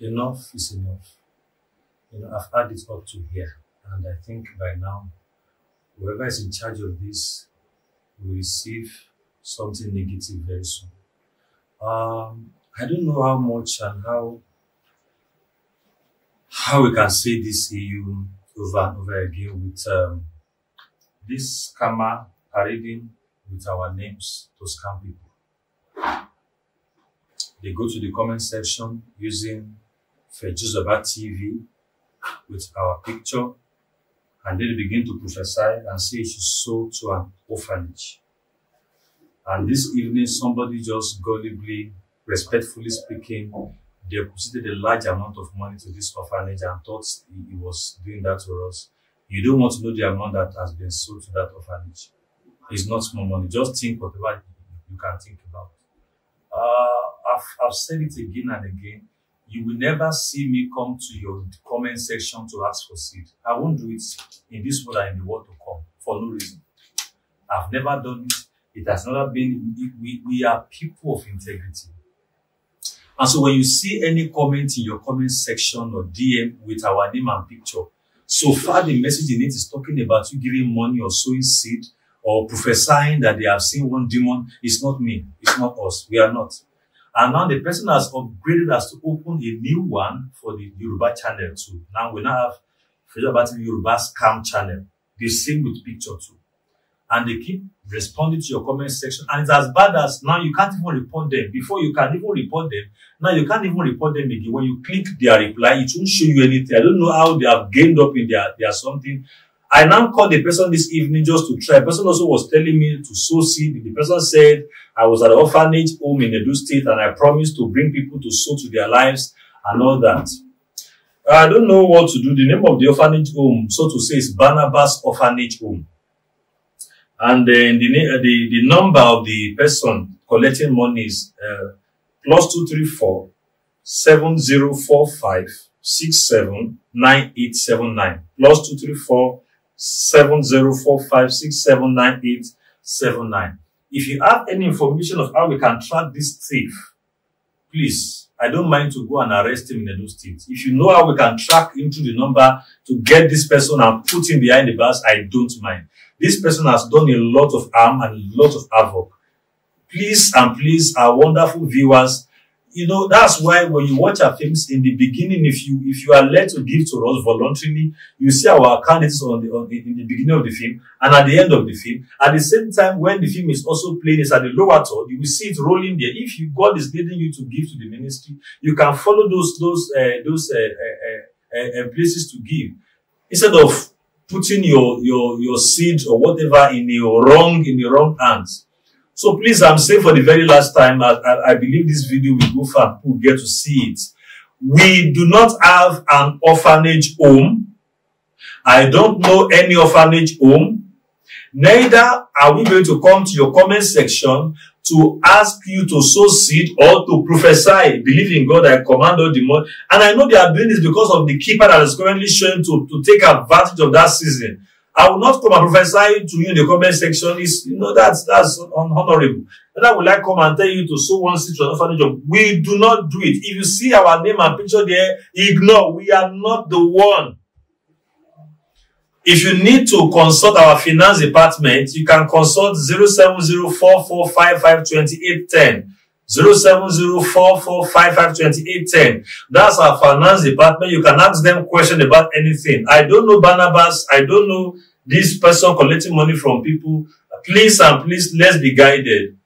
enough is enough. You know, I've had it up to here, and I think by now, whoever is in charge of this will receive something negative very soon. Um, I don't know how much and how how we can say this EU over and over again with um, this scammer parading with our names to scam people. They go to the comment section using Fejuzabat TV with our picture and then begin to prophesy and say she sold to an orphanage. And this evening, somebody just gullibly, respectfully speaking, deposited a large amount of money to this orphanage and thought he was doing that for us. You don't want to know the amount that has been sold to that orphanage. It's not small money. Just think whatever you can think about. Uh, I've, I've said it again and again. You will never see me come to your comment section to ask for seed. I won't do it in this world and in the world to come for no reason. I've never done it. It has never been. We, we are people of integrity. And so when you see any comment in your comment section or DM with our name and picture, so far the message in it is talking about you giving money or sowing seed or prophesying that they have seen one demon. It's not me. It's not us. We are not. And now the person has upgraded us to open a new one for the Yoruba channel too. Now we now have Federal Battle Yoruba Scam channel. The same with picture too. And they keep responding to your comment section. And it's as bad as now you can't even report them. Before you can even report them, now you can't even report them again. When you click their reply, it won't show you anything. I don't know how they have gained up in their, their something I now called the person this evening just to try. The person also was telling me to sow seed. The person said, I was at an orphanage home in Edo State and I promised to bring people to sow to their lives and all that. I don't know what to do. The name of the orphanage home, so to say, is Barnabas Orphanage Home. And then uh, the, uh, the, the number of the person collecting money is uh, plus 234 7045 679879 plus 234 seven zero four five six seven nine eight seven nine. If you have any information of how we can track this thief, please, I don't mind to go and arrest him in the new State. If you know how we can track him to the number to get this person and put him behind the bars, I don't mind. This person has done a lot of harm and a lot of havoc. Please and please, our wonderful viewers, you know that's why when you watch our films in the beginning if you if you are led to give to us voluntarily you see our candidates on the on the in the beginning of the film and at the end of the film at the same time when the film is also playing it's at the lower tone you will see it rolling there if you god is leading you to give to the ministry you can follow those those uh, those uh, uh, uh, uh, uh places to give instead of putting your your your seed or whatever in the wrong in the wrong hands So please, I'm saying for the very last time, I, I, I believe this video will go far. People get to see it. We do not have an orphanage home. I don't know any orphanage home. Neither are we going to come to your comment section to ask you to sow seed or to prophesy. Believe in God, I command all the money. And I know they are doing this because of the keeper that is currently showing to, to take advantage of that season. I will not come and prophesy to you in the comment section. Is you know that's that's unhonorable. And I would like come and tell you to sow one seed to an job? We do not do it. If you see our name and picture there, ignore. We are not the one. If you need to consult our finance department, you can consult 07044552810 0704455810. That's our finance department. You can ask them question about anything. I don't know Barnabas. I don't know this person collecting money from people. Please and please, let's be guided.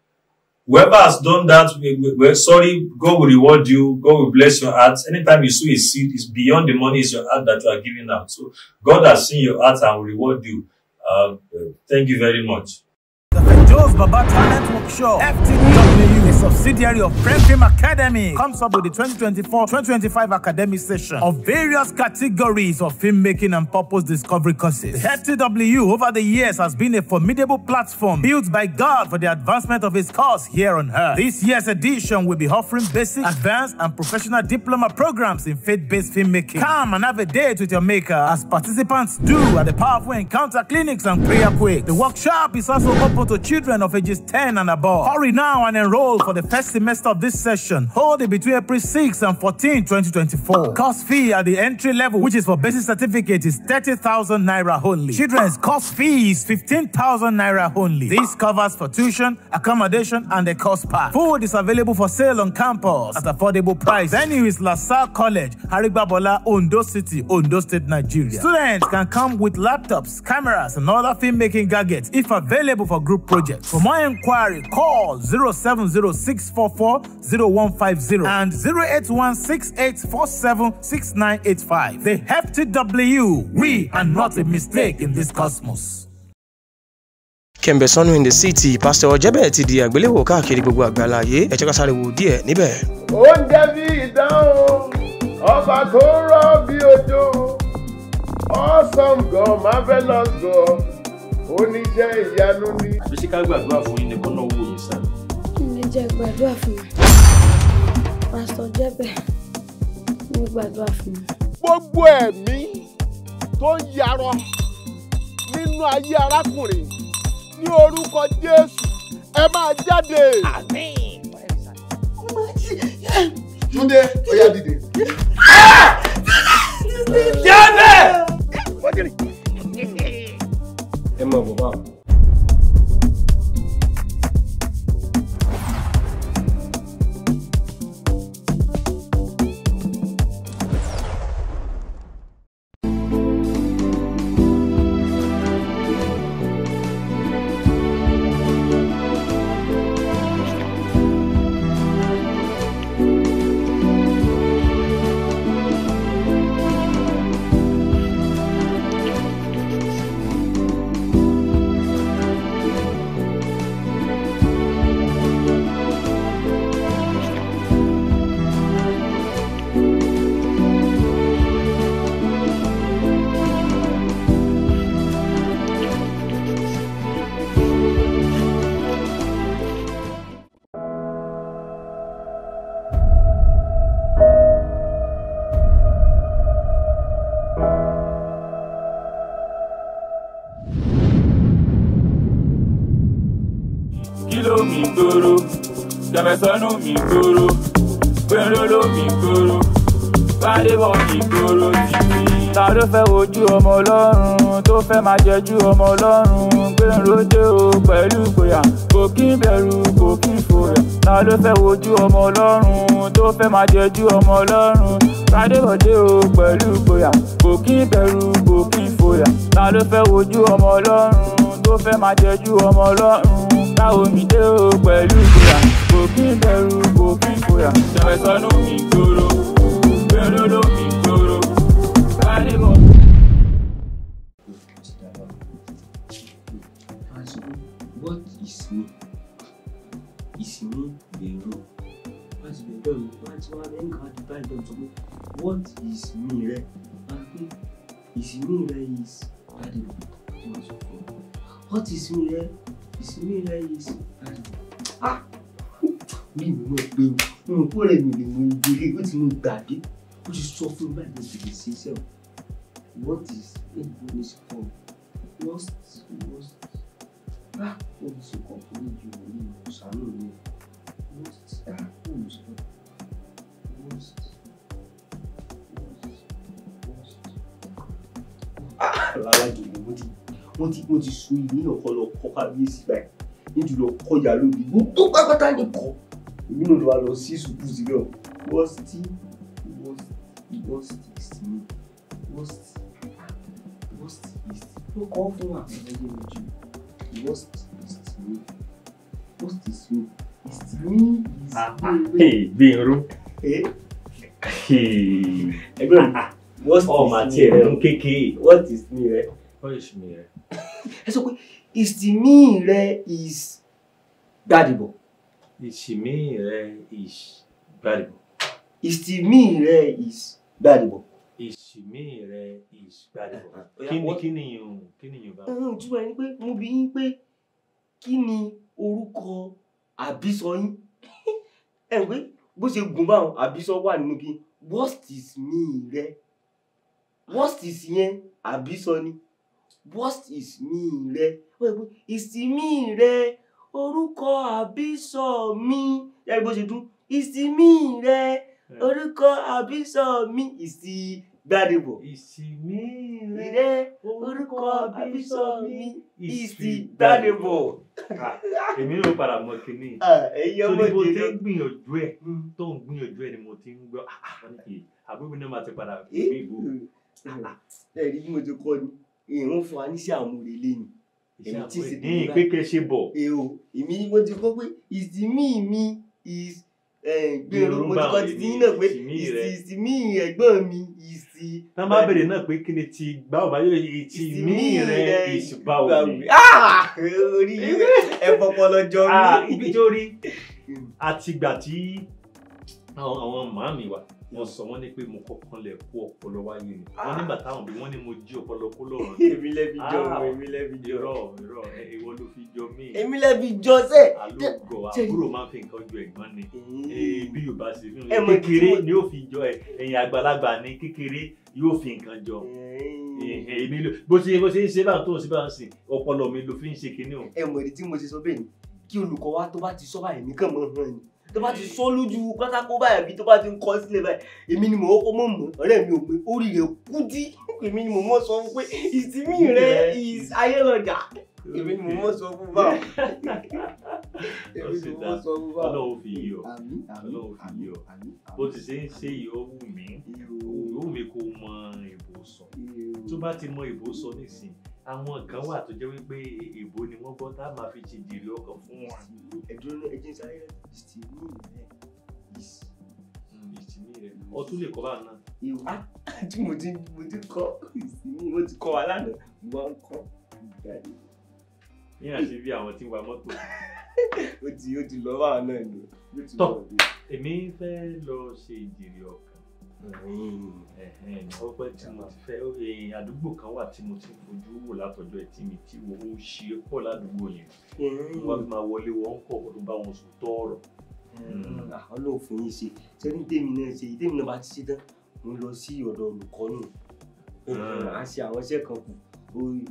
Whoever has done that, we, we, we're sorry, God will reward you. God will bless your heart. Anytime you sow a seed, it's beyond the money, it's your heart that you are giving out. So God has seen your heart and will reward you. Uh, thank you very much. Baba Talent Workshop FTW, a subsidiary of Premium Academy, comes up with the 2024-2025 academic session of various categories of filmmaking and purpose discovery courses. FTW over the years has been a formidable platform built by God for the advancement of his cause here on earth. This year's edition will be offering basic, advanced, and professional diploma programs in faith-based filmmaking. Come and have a date with your maker as participants do at the Powerful Encounter Clinics and Prayer Quakes. The workshop is also open to children of ages 10 and above. Hurry now and enroll for the first semester of this session. Hold it between April 6 and 14, 2024. Course fee at the entry level, which is for basic certificate, is 30,000 naira only. Children's course fee is 15,000 naira only. This covers for tuition, accommodation, and the course pack. Food is available for sale on campus at affordable price. Venue is LaSalle College, Haribabola, Ondo City, Ondo State, Nigeria. Students can come with laptops, cameras, and other filmmaking gadgets if available for group projects. For more inquiry, call 07064400150 and 08168476985. The Hefty W. We are not a mistake in this cosmos. Kẹ̀mbẹ̀ Sanu in the city Pastor ọ̀jẹ̀bẹ̀ ti di àgbéléwò káàkiri gbogbo àgbàlá ayé ẹ̀jẹ̀ ká sáré wò díẹ̀ níbẹ̀. Oúnjẹ bí ìdánwò ọba tó rọ̀ bí ojú awesome God marvelous God oníṣẹ́ ìyanu ni. àbí ṣé ká gbàdúrà fún yín nìkan náà wò mí sá. kí ni jẹ́ gbàdúrà fún mi pásítọ̀ jẹ́bẹ̀ ní gbàdúrà fún mi. gbogbo ẹ̀mí tó ń yarọ nínú ayé arákùnrin ní orúkọ Jésù ẹ máa jáde. àmín. Túndé ó yá dìde. jẹ́bẹ̀. 也没不报。mi gbòòrò gbèrò ló mi gbòòrò bàdébọ̀ mi gbòòrò títí. ta ló fẹ́ wojú ọmọ ọlọ́run tó fẹ́ máa jẹjú ọmọ ọlọ́run gbèrò o pẹ̀lú ìgboyà kò kí n bẹ̀rù kò kí n fòyà. ta ló fẹ́ wojú ọmọ ọlọ́run tó fẹ́ máa jẹjú ọmọ ọlọ́run bàdébọ̀ o pẹ̀lú ìgboyà kò kí n bẹ̀rù kò kí n fòyà. ta ló fẹ́ wojú ọmọ ọlọ́run tó fẹ́ máa jẹjú ọmọ ọlọ́run ká omi dé o pẹ̀lú ìgboyà kò bẹ̀rù kò kí n fòyà ṣàwẹ̀sọ́nù kì í tóró gbé olóró kì What is me? Is me the role? Wọ́n ti bẹ̀rẹ̀ bẹ́ẹ̀ mi, wọ́n ti wá lẹ́yìn kan á di what is me rẹ̀? Wọ́n á pé is me rẹ̀ is Adìmọ̀ tí What is me Is me rẹ̀ is Adìmọ̀. Ah! mi ò mọ̀ pé o mo kó rẹ̀ mi lè mú ibi ilé o ti mú gbàgbé o ti sọ fún mi báyìí lóṣù lè ṣe iṣẹ́ o what is ego ní sí kọ́ lost lost ah o ti ṣe kọ̀ fún ìjọ orí ìwòsàn mi lost ah o ti ṣe kọ̀ lost. alágbèrè wọ́n ti wọ́n ti wọ́n ti sun ìlú náà kọ́ lọ kọ́ kábíyèsí báyìí nítorí ọkọ̀ yà lórí gbogbo pátá ni kọ́ èmi náà ló wá lọ sí sùkúù síbẹ̀ wọ́ọ̀sì tí wọ́ọ̀sì east ni wọ́ọ̀sì wọ́ọ̀sì east ló kọ́ fún àtẹ̀lẹ́yẹ ojú wọ́ọ̀sì east ni wọ́ọ̀sì east ni east ni ah, east. Ah, bí irú. Eh? ẹgbẹ́ mi wọ́ọ̀sì ah, ọmọ àti ẹ̀rẹ̀ ń kékeré wọ́ọ̀sì east ni rẹ̀. wọ́ọ̀sì mi ẹ sọ pé east mi rẹ̀ is gbàdìbọ̀. Ìṣìmí rẹ is valuable. Ìṣìmí rẹ is valuable. Ìṣìmí rẹ is valuable. Uh-huh. Kí ni kí ni yòó kí ni yòó bá? Ẹ̀hún ìtumọ̀ ẹni pé mo bi yín pé kí ni orúkọ àbísọ yín? Ẹ pé bó ṣe gùn báwọn àbísọ wà nínú kí worst is me rẹ worst is yẹn àbísọ ni worst is me rẹ ìṣìmí rẹ orúkọ àbísọ mi yàrá bó ṣe dún ìsinmi rẹ orúkọ àbísọ mi ìsì gbàdébọ̀. ìsinmi rẹ orúkọ àbísọ mi ìsì gbàdébọ̀. Ah, èmi ló padà mọ kínní torí mo ti ń gbìyànjú ẹ hmm. tó ń gbìyànjú ẹ ni mo ti ń gbọ́ ah, ah, àbúrò náà máa ti padà bí eh, ìbò. ẹ hmm. ẹ rí bí mo ti kọ́ ni ìrún fún wa níṣẹ́ àmúrelé ni èmi tí ṣe bọ̀. èrò èmi mo ti kọ́ pé ìsinmi mi gbèrò mo ti kọ́ ti ti náà pé ìsinmi ẹ̀gbọ́n mi ìsì. náà má bèrè náà pé kí ni ti báwo bá yóò ìsinmi rẹ ìsìbáwò mi. Ah! orí ẹ̀fọ́ pọlọjọ mi. Ah, ibi tó rí hmm. àtìgbà tí àwọn màmí wa wọ́n sọ wọ́n ní pé mo kọ́kọ́ lẹ̀ kó ọpọlọ wáyé ni wọ́n ah. nígbà táwọn bí wọ́n ní mo jí ọpọlọ kó lọ́rùn. èmi lẹ́bi jọ mo ah, èmi lẹ́bi jọ. irọ́ irọ́ ìwọ ló fi jọ mí. èmi lẹ́bi jọ sẹ́. alóògọ̀ àbúrò máa ń fi nǹkan jọ ẹ̀gbọ́n ni hmm. bí yorùbá ṣe fi hàn kékeré ni yóò fi jọ ẹ̀yìn àgbàlagbà ni kékeré yóò fi nǹkan jọ hmm. èmi ló bó ṣe bó ṣe ń ṣe bá tó ń ṣe bá ń sìn ọpọlọ mi ló fi ń ṣe kinní o. ẹ mọ̀ èdè tí mo ṣe sọ bẹ́ẹ̀ ni kí olùkọ́ wa tó bá ti sọ́ tó bá ti sọ lójú pátákó báyìí tó bá ti ń kọ sílẹ̀ báyìí èmi ni mò ń kọ́ mọ̀ mọ̀ ọ̀rẹ́ mi ò pé orí rẹ̀ kú dí èmi ni mò mọ̀ sọ fún pé ìsinmi rẹ̀ ayélujára èmi ni mò mọ̀ sọ fún bá èmi ni mò mọ̀ sọ fún bá ọlọ́wọ́ fi yí ọlọ́wọ́ fi yí bó ti ṣe ń ṣe yìí wù mí wù mí kó mọ ìb sọ tó bá ti mọ ìbò sọ nísìn àwọn kan wà tó jẹ́ wípé ìbò ni wọ́n gbọ́ tá a máa fi ti dèrè ọkàn fún wọn. ẹ̀dùnú ẹ̀jẹ̀ sáré ìsìnmí rẹ̀ ìsìnmí hmm, rẹ̀ ọtún lè kọ́ bá náà. ìwà ah! tí mo ti mo ti kọ́ ìsìnmí mo ti kọ́ wa lánàá mo ń kọ́ ìgbàdí. ní àṣẹ bí àwọn tí ń wa mọ́tò. ó ti ó ti lọ́ bá wa náà ni. tọ́ èmi fẹ́ lọ ṣe ìdìrì ọkàn ọpẹ́ tí mo fẹ́ àdúgbò kan wà tí mo ti fojú wò látọjọ́ ẹ tí mi tí wo ó ṣe é pọ̀ ládùúgbò yẹn wọn fi máa wọlé wọn pọ̀ kó tó bá wọn sùn tọ ọ̀rọ̀. àwọn náà fún yín ṣe sẹ́ni tèmi náà ṣe tèmi náà bá ti ṣe tán mo lọ sí ọ̀dọ̀ olùkọ́ nù a ṣe àwọn iṣẹ́ kan kù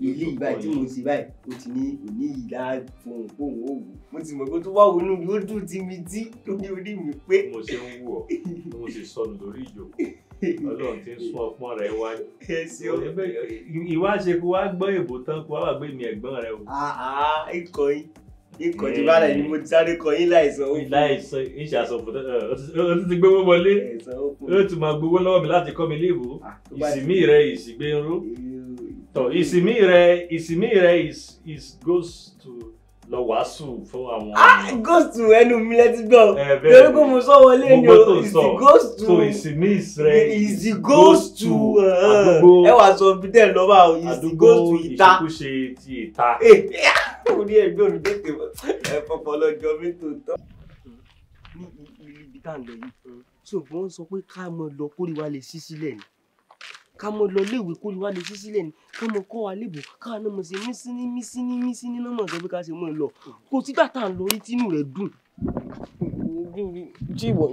ilé ìgbà tí mo ti báyìí o ti ní òní ìlà fohùn fohùn òwò mo ti mọ̀ pé tó wá wọnú mi ó dùn ti mi tí tó ní orí mi pé. mo ṣe ń wù ọ́ mo ṣe sọnù lórí ìjòkó Ọlọ́run ti ń sún ọpọ́n rẹ̀ o ìwà ṣe kó wá gbọ́ èbó tán kó wá wà gbé mi ẹ̀gbọ́n rẹ o. ikọ̀ yín ikọ̀ tí bá rẹ̀ ni mo ti sáré kọ yín láìsan òkun. láìsan iṣẹ́ àsọ̀fọ̀ ó ti gbé wọ́n wọlé ó ti máa gbowó lọ́wọ́ mi láti kọ́ mi léèwọ̀ ah, ìsìnmí rẹ̀ ìsìgbéró. So ìsinmi rẹ ìsinmi rẹ is is goes to lọ wàásù fún àwọn. ah goes to ẹnu mi lẹ́tí eh, gbọ́ torí pé mo sọ wọlé ni o is the goes to so Isimi, rẹ is the goes to uh, ẹ wà sọ bí tẹ́ ẹ lọ o is the goes to Ita. àdúgbò ìṣekúṣe ti ìta. mo ní ẹgbẹ́ olùdókè ẹ fọpọ̀ lọ́jọ́ mi tó tọ́. ní ibi tá à ń lọ yìí ṣùgbọ́n sọ pé ká mọ lọ kórìíwá lè ṣí sílẹ̀ ni ká mọ lọ léèwé kó wá lè sí sílẹ̀ ni ká mọ kọ́ wa léèbò káwa náà mọ̀ sí mísíní mísíní mísíní náà mọ̀ sẹ́bí ká ṣe mọ̀ lọ kò sígbà tá à ń lọ rí tínú rẹ̀ dùn. tí ìwọ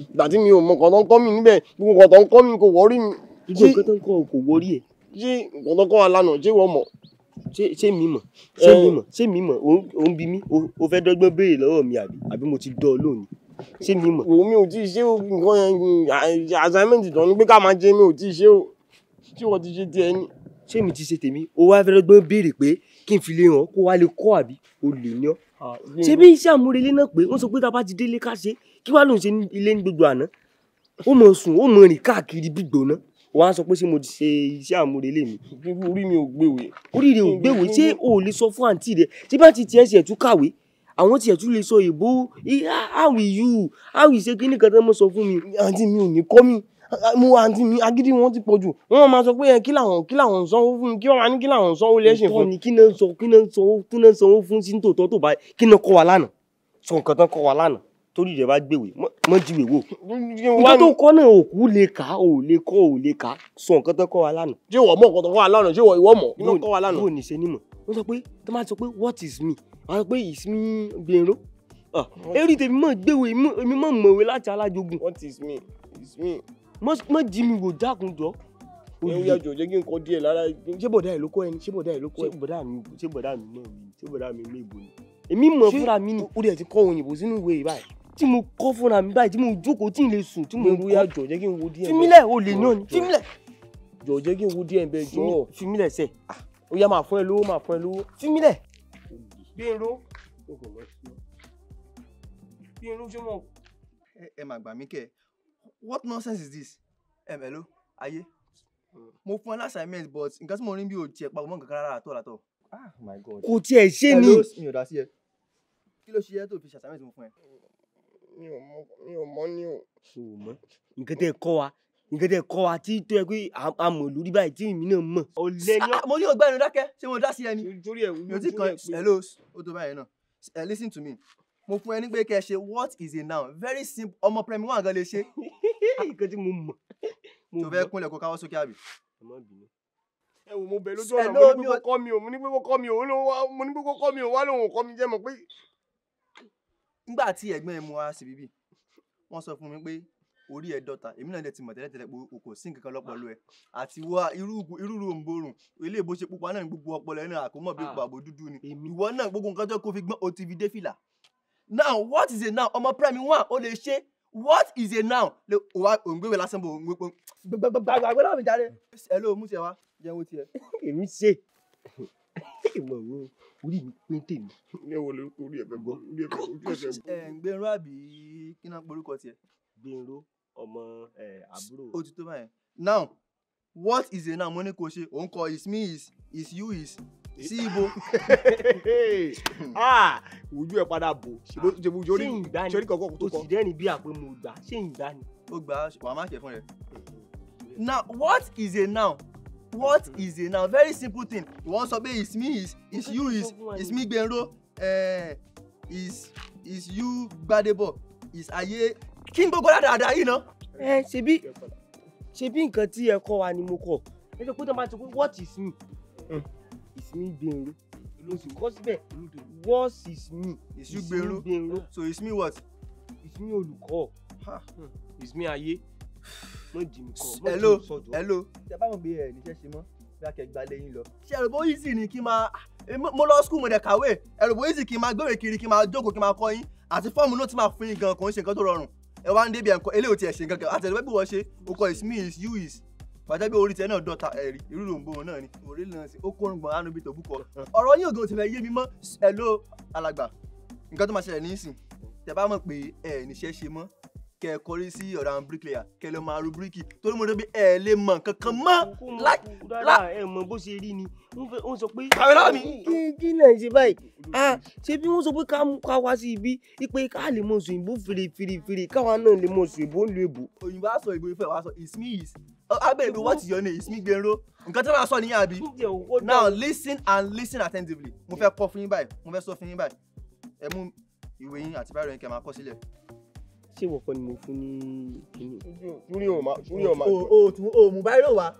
ìgbà tí mi ò mọ kọ̀ọ̀tàn kọ́ mi níbẹ̀ gbogbo kọ̀ọ̀tàn kọ́ mi kò wọ́rí mi. gbogbo kọ̀ọ̀tàn kọ́ kò wọ́rí ẹ̀. ṣé kọ̀ọ̀tàn kọ́ wa lánàá ṣé wọ́n mọ̀ ṣé mi mọ̀ ṣé mi mọ̀ ṣé mi mọ̀ òun bí mi o fẹ́ dọ́gbọ́n béèrè lọ́wọ́ mi àbí àbí mo ti dọ́ ọ lónìí ṣé mi mọ̀. wò ó mi ò tí ì ṣe nǹkan assignment tó ń gbé ká máa jẹ mi ò tí ì ṣe o tí wọ́n ti ṣe tiẹ̀ ni. ṣé mi ti ṣe tèmi o wá fẹ́rẹ́ gbọ́n béèrè pé kí n fi lè hàn kó wá lè kọ́ àbí o lè ní ọ́. ṣé bí iṣẹ́ àmúrelé náà pé wọ́n sọ pé tá a bá ti délé ká ṣe kí wàá lòun ṣe ilé ní gbogbo àná ó mọ̀ sùn ó mọ̀ rìn káàkiri gbígbóná wọ́n á sọ pé ṣé mo ti ṣe iṣẹ́ àmúrelé mi. orí mi ò gbéwèé. orí rẹ ò gbéwèé ṣé o ò lè sọ fún àǹtí rẹ ṣé bá ti tiẹ̀ ṣe ẹ̀tún kàwé àwọn tiẹ̀ tún lè sọ èbó ah, how are you how is ṣe kí nìkan tó mọ̀ sọ fún mi àǹtí mi ò ní kọ́ mi mo àǹtí mi agídí wọn ti pọ̀ jù wọn máa sọ pé ẹ kí làwọn kí làwọn sanwó fún mi kí wọn máa ní kí làwọn sanwó lẹ́sìn fún mi. kí náà sọ kí náà sanwó kí náà sanwó fún sí tòótọ́ tó bá kí náà kọ́ wa lánàá sọ nǹkan tán kọ́ wa lánàá torí rẹ̀ bá gbèwè mọ́ jíwèé wò. nǹkan tó kọ́ náà òkú lè kà á ò lè kọ́ ò lè kà á sọ nǹkan tán kọ́ wa lánàá. ṣé ìwọ mọ̀ nǹkan tó kọ́ wa lánàá ṣé ìwọ mọ̀ iná kọ́ wa lánàá. yóò ní ṣe ní mọ̀ wọ́n sọ pé tó máa sọ pé what is me wọ́n sọ pé is me gbèrò. eré tèmi mọ̀ gbèwè èmi mọ̀ mọ̀wé láti alájogun. what is me is me má jí mi wò dákun jọ. ẹ̀hún ya jọ̀jẹ́ kí n kọ́ díẹ̀ lára. ṣé bọ̀dá ẹ̀ ló kọ́ ẹni ṣé bọ̀dá ẹ̀ ló kọ́ ẹ̀. ṣé bọ̀dá mi náà mi ṣé bọ̀dá mi ní ìbò ni. èmi mọ̀ fúnra mi ni. o de ti kọ́ òyìnbó sínú ìwé yìí báyìí. tí mo kọ́ fúnra mi báyìí tí mo jókòó tí n lè sùn tí mo kọ́. ẹ̀hún jọ̀jẹ́ kí n wo díẹ̀. fimilẹ̀ o lè náà ni fimilẹ̀. jọ̀jẹ́ kí n wo díẹ̀ bẹ́ẹ̀ jọ. fimilẹ̀ sẹ̀. Ah, ó yá máa fún ẹ lówó máa fún ẹ lówó. fimilẹ̀. gbèrò. gbèrò ṣé mo. ẹ máa gbà mí kẹ́ what nonsense is this? Um, hello ayé mo fún ẹ ní assignment but nǹkan tí mo rí bí o tiẹ̀ pa òmùgọ̀ kankan rárá àtọ̀ àtọ̀. ah my god kò tiẹ̀ ṣe ni. hello mi ò dá sí ẹ kí ló ṣe yẹ tó fi ṣe mo fún ẹ. mi ò mọ mi ò mọ ni o. o mọ nǹkan tẹ kọ wa nǹkan tẹ kọ wa tí tó yẹ pé àmọ̀ lórí báyìí tí èmi náà mọ̀. o lè ní. mo ní ọgbà dákẹ́ ṣé mo dá sí ẹ ni. nítorí ẹ wúlò tí kan hello ó tó báyìí náà listen to me mo fún ẹ ní pé kẹ ṣe what is a noun very simple ọmọ primary one gan lè ṣe nǹkan tí mo mọ̀. tó fẹ́ kúnlẹ̀ kó káwọ́ sókè àbí. ẹ má bínú. ẹ wò mo bẹ lójú ọ̀nà mo ní pé kó kọ́ mi ò mo ní pé kó kọ́ mi ò mo ní pé kó kọ́ mi ò wá lòun ò kọ́ mi jẹ́ mọ̀ pé. nígbà tí ẹ̀gbọ́n ẹ̀ mú wa sí bíbí wọ́n sọ fún mi pé orí ẹ dọ́ta èmi náà lè ti mọ̀ tẹ́lẹ̀tẹ́lẹ̀ pé o kò sí nǹkan kan lọ́pọ̀lọ́ ẹ àti wá irú òǹborùn ilé ìbò ṣe pupa náà ní gbogbo ọpọlọ ẹni àkómọ̀ bí gbàgbó ah, dúdú ni ìwọ náà gbogbo nǹkan tó kó fi gbọ́n o ti fi dé fìlà now what is it now ọmọ prime one o lè ṣe what is a noun le o wa o n gbéwèé lásán bò o n gbé pọn. gbàgbàgbà náà mi jáde. ẹ mú tiẹ wá jẹun wo tiẹ. èmi ṣe ìmọ̀ wo orí mi pé tèmi. ní ẹ̀wọ̀n ló orí ẹ̀fẹ̀ bọ́ orí ẹ̀fẹ̀ bọ́ orí ẹ̀fẹ̀ bọ́. ẹ̀ ń àbí kí náà porúkọ tiẹ̀. gbẹ̀rún ọmọ àbúrò. o ti tó báyẹn now what is a noun mo ní kò ṣe òun kọ is me is is you is sí ibo. ojú ah, ẹ padà bò ṣe mo jori ṣe ní tó kọ. o sì dẹ́ni bí àpé mo gbà ṣé ń gbà ni. ó wàá má ṣe fún rẹ. Mm-hmm. now what is a now? what mm-hmm. is a now? very simple thing wọ́n sọ pé is me is is you is is me gbẹ̀rọ eh, is is you gbadebo is aye? kí n gbogbo dáadáa yìí ná. ẹ eh, ṣebí ṣebí nǹkan tí ẹ kọ́ wa ni mo kọ ẹ sọ pé tó máa ti kú what is me. Mm is me being ló sì kọ́ síbẹ̀ what is me is you Benro so is me what. is me olùkọ́ hmm. is me ayé mọ jì mí kọ́ mọ jì mí sọ̀jọ́. hello ṣe bá mọ̀ bí ẹ níṣẹ́ ṣe mọ́ bí a kẹ́ gba lẹ́yìn lọ. ṣe ẹ̀rọ bó easy ni kí n máa eh, mo lọ school mo dẹ̀ kàwé ẹ̀rọ bó easy kí n máa gbèrè kiri kí n máa jókòó kí n máa kọ́ yín àti fọ́ọ̀mù náà ti máa fún yín gan kò ń ṣe nǹkan tó rọrùn ẹ wá ń débi ẹ̀ ń kọ́ eléyìí ò tiẹ̀ ṣe gangan àtẹ̀lẹ́wẹ́ bí wọ́n ṣe o kọ is me is you is pàtàkì orí tiẹ̀ náà dọ́ta ẹ̀rí irú lòǹbó wọn náà ni orí náà sí ó kórun gbọ̀n ánú bíi tòbúkọ ọ̀rọ̀ yín ògùn ti fẹ́ yé mi mọ́ ẹ̀ ló alàgbà nǹkan tó máa ṣẹlẹ̀ nísìn tẹ bá mọ̀ pé ẹ̀ níṣẹ́ ṣe mọ́ kẹ kọrí sí ọ̀dà àwọn bricklayer kẹ lọ máa ru bíríkì torí mo débi ẹ lè mọ kankan mọ. rárá ẹ mọ bó ṣe rí ni wọn sọ pé. kàwé náà mi. kí kí lè ṣe báyìí ah ṣé bí wọn sọ pé ká wá sí ibi ipe ká lè mọ sùn ìbò fèrèfèrèfèrè káwa náà lè mọ sùn ìbò ń lo èbò. òyìnbó á sọ ìbò ìfẹ́ wàá sọ it's me is abẹ́rẹ́ what is your name it's me Gbenro nǹkan tí wọ́n sọ nìyẹn Abi. now listen and listen attentively mo fẹ́ kọ́ fún yín báyìí mo fẹ́ sọ fún yín báyìí ẹ mú ìwé yín àti báyìí rẹ̀ kẹ́ máa kọ sílẹ̀ ṣé ìwọ kọ́ ni mo fún ní kíní. túrí o ma túrí o ma. o o tún o mú báyìí lọ wá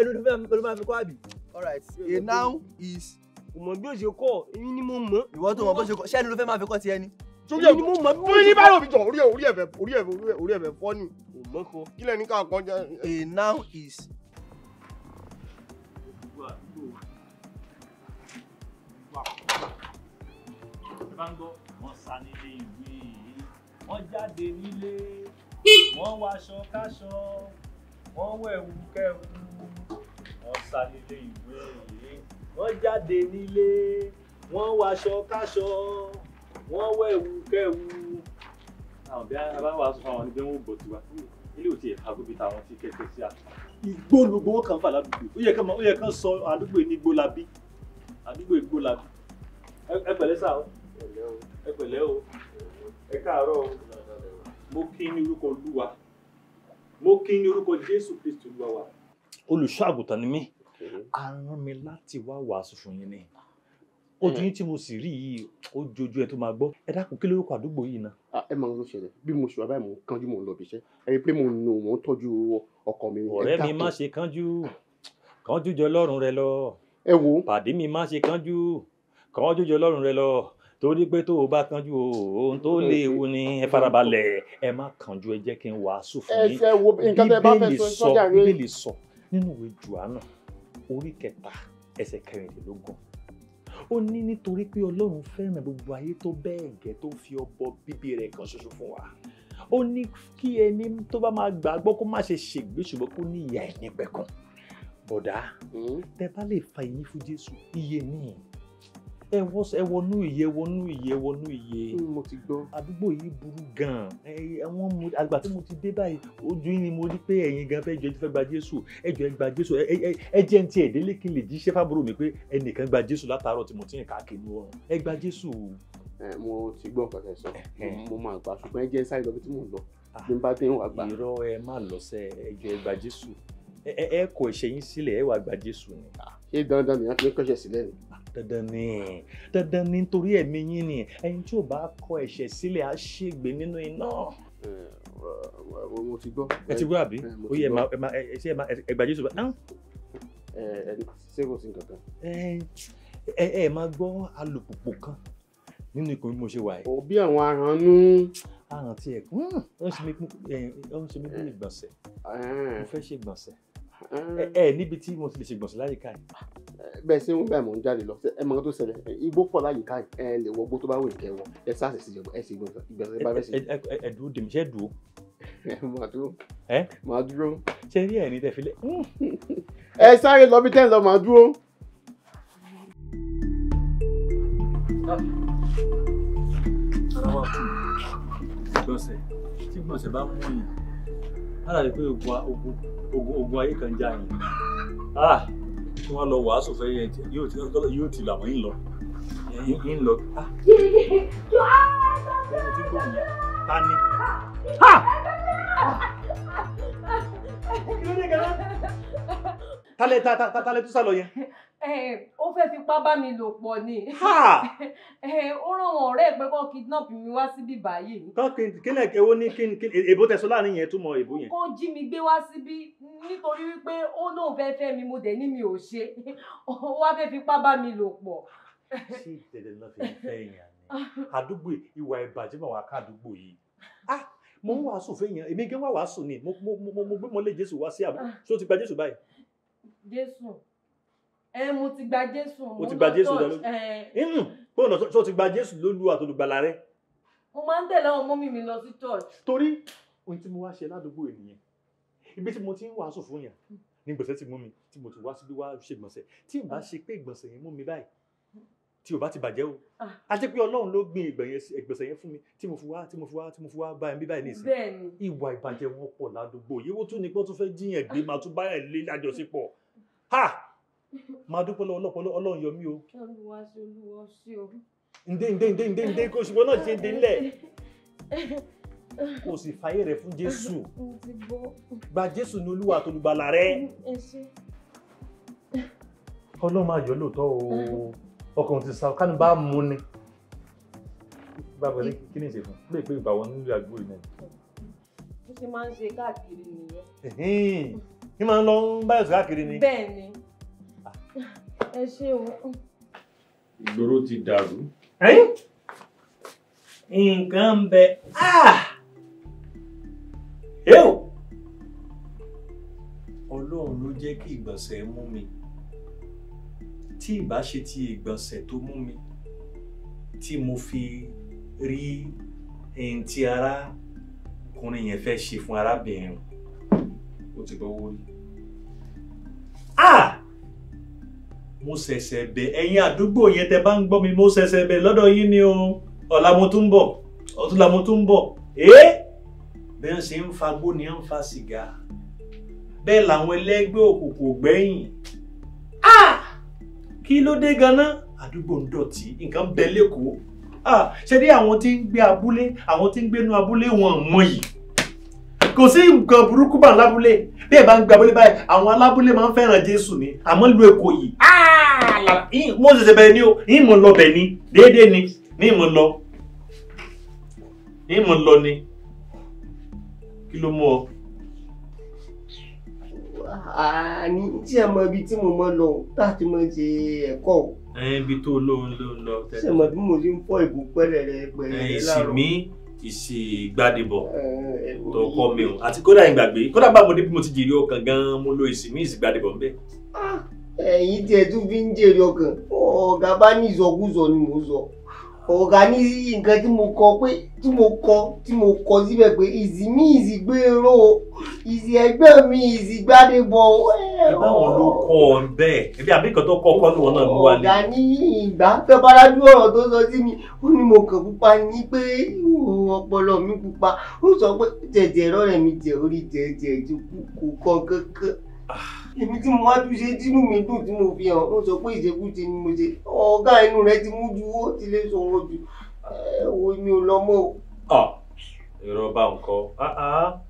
ẹnu tó fẹ́ pẹ̀lú máa fi kọ́ àbí. alright a noun is. kò mọ bí o ṣe kọ èmi ni mo mọ. ìwọ tó mọ bó ṣe kọ ṣé ẹnu ló fẹ́ máa fi kọ ti ẹni. túrí o ni mo mọ bí o ṣe kọ. túrí ní báyìí òbí jọ orí ẹ̀ orí ẹ̀ fẹ́ orí ẹ̀ fẹ́ orí ẹ̀ fẹ́ fọ́ ni àgbákò. kí lẹ́ni ká kọ́ a noun is. wọ́n jáde nílé wọ́n wáṣọ káṣọ wọ́n wẹ̀wù kẹwù wọ́n sá nílé ìwé wọ́n jáde nílé wọ́n wáṣọ káṣọ wọ́n wẹ̀wù kẹwù. àwọn bí a bá wàásù fún àwọn oníbẹ̀wò bò tiwa fún mi ilé ò tiẹ̀ agbóbi táwọn ti kẹ̀kẹ́ sí a igbó gbogbo wọn kàn fà ládùúgbò ó yẹ kàn ó yẹ kàn sọ àdúgbò ní igbó labí àdúgbò igbó labí ẹ pẹ̀lẹ́ sá o ẹ pẹ̀lẹ́ o ẹ káàárọ̀ o mo kí ní orúkọ olúwa mo kí ní orúkọ jésù kristu olúwa wa. olùṣọ́ àgùntàn ni mí a rán mi láti wá wàásù fún yín ni ojú yín tí mo sì rí yìí ó jojú ẹ tó máa gbọ́ ẹ dákun kí lórúkọ àdúgbò yìí náà. ẹ máa ń lọ ṣẹlẹ̀ bí mo ṣe báyìí mo ń kánjú mo ń lọ bí iṣẹ́ ẹ rí i pé mo ń mo ń tọ́jú ọkọ mi. ọ̀rẹ́ mi má ṣe kánjú kánjú jọ lọ́rùn rẹ lọ. ẹ wo. pàdé mi má ṣe kánjú kánjú jọ lọ́rùn rẹ lọ torí pé tó o bá kánjú o ohun tó léwu ni ẹ farabalẹ̀ ẹ má kánjú ẹ jẹ́ kí n wàásù fún yín bíbélì sọ nínú ìwé orí kẹta ẹsẹ̀ kẹrìndínlógún ó ní nítorí pé ọlọ́run fẹ́ràn gbogbo ayé tó bẹ́ẹ̀ gẹ́ tó fi ọbọ bíbí rẹ̀ kan ṣoṣo fún wa ó ní kí ẹni tó bá máa gbàgbọ́ kó má ṣe ṣègbé ṣùgbọ́n kó ní ìyà ẹ̀ nípẹ̀kun bọ̀dá hmm? tẹ bá lè fa ìyìn fún jésù iye níyìn ẹ wọ ẹ wọnú ìyẹ wọnú ìyẹ wọnú ìyẹ. Hmm, mo ti gbọ́. àdúgbò yìí burú gan-an àwọn àgbà tí mo ti dé báyìí ojú yín ni mo rí pé ẹ̀yin gan fẹ́ jọ ẹ fẹ́ gba jésù ẹ jọ ẹ gba jésù ẹ jẹ́ ní tiẹ̀ délé kí n lè jíṣẹ́ fábúrò mi pé ẹnìkan gba jésù látàárọ̀ tí mo ti yàn káàkiri wọn ẹ gba jésù. mo ti gbọ́ nǹkan tẹ́ sọ mo máa gbà ṣùgbọ́n ẹ jẹ́ sáré lọ bí tí mò ń lọ ah, bí n bá tẹ̀ ń wà gbà. irọ́ ẹ má lọ sẹ́ ẹ jọ ẹ gba jésù ẹ kọ ẹ̀ṣẹ̀ yín sílẹ̀ ẹ wá gba jésù ni. Ah, ṣé dandan nìyẹn fi ń sílẹ̀ ni dandan ni dandan ni nítorí ẹ̀mí yín ni ẹni tí ò bá kọ ẹ̀ṣẹ̀ sílẹ̀ á ṣègbè nínú iná. mo ti gbọ́. ẹ ti gbọ́ àbí ó yẹ ẹ gbà jésù bá. ṣé kò sí nǹkan kan. ẹ ẹ máa gbọ́ alùpùpù kan nínú ikùn bí mo ṣe wà yìí. òbí àwọn ahọ́nú àrùn tiẹ̀ ó ń ṣe mí bí ìgbọ̀nsẹ̀ mo fẹ́ ṣe ìgbọ̀nsẹ̀ ẹ mm. ẹ níbi tí mo ti lè ṣe gbọ̀nsẹ̀ láyìíká yìí. Ah, bẹ́ẹ̀ ṣé ń bẹ̀ mọ̀ ń jáde lọ ẹ mọ̀ tó ṣẹlẹ̀ igbó pọ̀ láyìíká yìí ẹ lè wọ igbó tó bá wù kẹ́ wọ ẹ sáà sì ẹ sì gbọ̀nsẹ̀ bá fẹ́ ẹ dúró dèmi ṣe dúró. màá dúró. ẹ màá dúró. ṣé rí ẹ̀ ní tẹ̀ ẹ sáré lọ bí tẹ́ ń lọ màá dúró. Ah. gbọ̀nsẹ̀ tí gbọ̀nsẹ̀ bá mú yìí látàrí pé ogun ayé kan já yẹn ah, kí wọ́n lọ wàásù fẹ́ yẹn yóò ti làwọn yìí lọ yìí lọ. mo ti gbóhùn yẹn ta ni. ta lẹ ta ta ta lẹ tún sá lọ yẹn. Eh, ó fẹ́ fipá bá mi lò pọ̀ ni eh, ó ràn wọ́n ọ̀rẹ́ ẹ̀ pé kó kidnap mi wá síbí báyìí. kọ́kìn kílẹ̀ èwo ní kí èbó tẹ̀sán láàrin yẹn túmọ̀ èbó yẹn. kó jí mi gbé wá síbí nítorí wípé ó lóun fẹ́ fẹ́ mi mo dẹ̀ ní mi ò ṣe ó wá fẹ́ fipá bá mi lò pọ̀. ṣé ìtẹ̀lẹ̀ náà fi ń fẹ́ èèyàn ni àdúgbò ìwà ìbàjẹ́ máa wà ká àdúgbò yìí ah, mo ń wàásù fẹ́yàn èmi gẹ́ wà wàásù ni mo gbé mọ́lé Jésù wá sí àbúrò ah. ṣó ti gba Jésù báyìí. Jésù ẹ mo ti gba jésù mo hmm, ti gba jésù lọ pé ọ̀nà tó ti gba jésù lólúwa àtolùgbàlà rẹ. mo máa ń tẹ̀lé àwọn mọ́mì mi lọ sí church. torí ohun tí mo wá ṣe ládùúgbò ènìyàn ibi tí mo ti ń wàásù fún yàn ní gbèsè ti mú mi tí mo ti wá síbí wá ṣe gbọ̀nsẹ̀ tí ì bá ṣe pé gbọ̀nsẹ̀ yẹn mú mi báyìí tí ò bá ti bàjẹ́ o àti ah. pé ọlọ́run ló gbin ìgbọ̀nsẹ̀ yẹn fún mi tí mo fi wá tí mo fi wá tí mo fi wá báyìí bí báyìí nìsín ìwà ìbàjẹ́ wọn pọ̀ ládùúgbò yíwó tún ni pé wọ́n tún fẹ́ jíyàn gbé ah. máa tún báyà lé lájọṣepọ̀ ha máa dúpẹ́ lọ́wọ́ ọlọ́pọ̀ ọlọ́run yọ mí o. olúwa sí olúwa sí o. ǹdẹ́ ǹdẹ́ ǹdẹ́ ǹdẹ́ ǹdẹ́ kò ṣùgbọ́n náà ṣe ń dé ńlẹ̀ kò sì fàyè rẹ̀ fún jésù gba jésù ní olúwa àtolùgbàlà rẹ ọlọ́run máa yọ lóòótọ́ o ọkàn ti sa kánú bá mú ni báwo ni kí ni ìṣègùn pé pé ìgbà wọn nílùú àgbo ìnà. ó ṣe máa ń ṣe káàkiri nìyẹn. ní máa ń lọ ń báyọ̀ káàkiri ni. bẹ́ẹ̀ ni ẹ ṣe o. ìgboro ti dàrú. nǹkan ń bẹ ah! ọlọ́run ló jẹ́ kí ìgbọ̀nsẹ̀ mú mi tí ìbá ṣe ti ìgbọ̀nsẹ̀ tó mú mi tí mo fi rí ẹni tí arákùnrin yẹn fẹ́ ṣe fún arábìnrin ó ti gbọ́ wọlé. ah mo ṣẹ̀ṣẹ̀ bẹ̀ ẹ̀yin àdúgbò yẹn tẹ́ bá ń gbọ́ mi mo ṣẹ̀ṣẹ̀ bẹ̀ lọ́dọ̀ yín ni o ọ̀la mo tún bọ̀ ọ̀túnla mo tún bọ̀ ẹ́ bẹ́ẹ̀ ṣe ń fa gbó ni ń fa sìgá bẹ́ẹ̀ làwọn ẹlẹ́gbẹ́ òkùnkùn gbẹ̀yìn kí ló dé ganan àdúgbò ń dọ̀tí nǹkan bẹ lẹ́kọ̀ọ́ ṣe dé àwọn tí ń gbé abúlé àwọn tí ń gbénu abúlé wọn mọyì kò sí nǹkan burúkú bá lábúlé bí bá ń gbé abúlé báyìí àwọn alábúlé máa ń fẹ́ràn Jésù ni àmọ́ lu èkó yìí làálàá mo ṣẹ̀ṣẹ̀ bẹ̀rẹ̀ ni o ìmọ̀ lọ bẹ̀ ni déédéé ni ní ìmọ̀ lọ ní ìmọ̀ lọ ni kí ló mú ọ. àní tí a mọ ibi tí mo mọ lọ láti mọ ṣe ẹ̀kọ́ o. ibi tó lóun ló ń lọ. ṣe mọ bí mo ṣe ń fọ ìbò pẹ́rẹ́rẹ́ pẹ́rẹ́rẹ́ láàárọ̀. ìsìn mi ìsì gbadebọ tó kọ mi o àti kódà ìgbàgbé kódà bá mo dé bí mo ti jèrè ọkàn gan-an mo lo ìsìn mi ń bẹ. Ah! ẹ̀yin tí ẹ tún fi ń jèrè ọkàn ọ̀gá bá ní ìsọkúsọ ni mò sọ ọ̀gá ní nǹkan tí mo kọ pé tí mo kọ tí mo kọ síbẹ̀ pé ìzì mi ìzì gbèrò ìzì ẹgbẹ́ mi ìzì gbádébọ. ẹgbẹ́ wọn ló kọ́ ọ bẹ́ẹ̀ ẹbí àbíkan tó kọ́ ọkọ lóun náà mú wa ní. ọ̀gá ní ìgbà fẹ́ bálájú ọ̀rọ̀ tó sọ sí mi ó ní mo kàn pupa ní pé ọpọlọ mi pupa ó sọ pé jẹjẹrọ rẹ mi jẹ orí jẹjẹ ju kò kọ kankan. Ah ibi tí mo wá tún ṣe tínú mi dùn tí mo fi hàn ó sọ pé ìṣekúṣe ni mo ṣe ọ̀gá inú rẹ ti mú ju ó ti lè sọ̀rọ̀ jù wo mi ò lọ mọ́ o. èrò bá nǹkan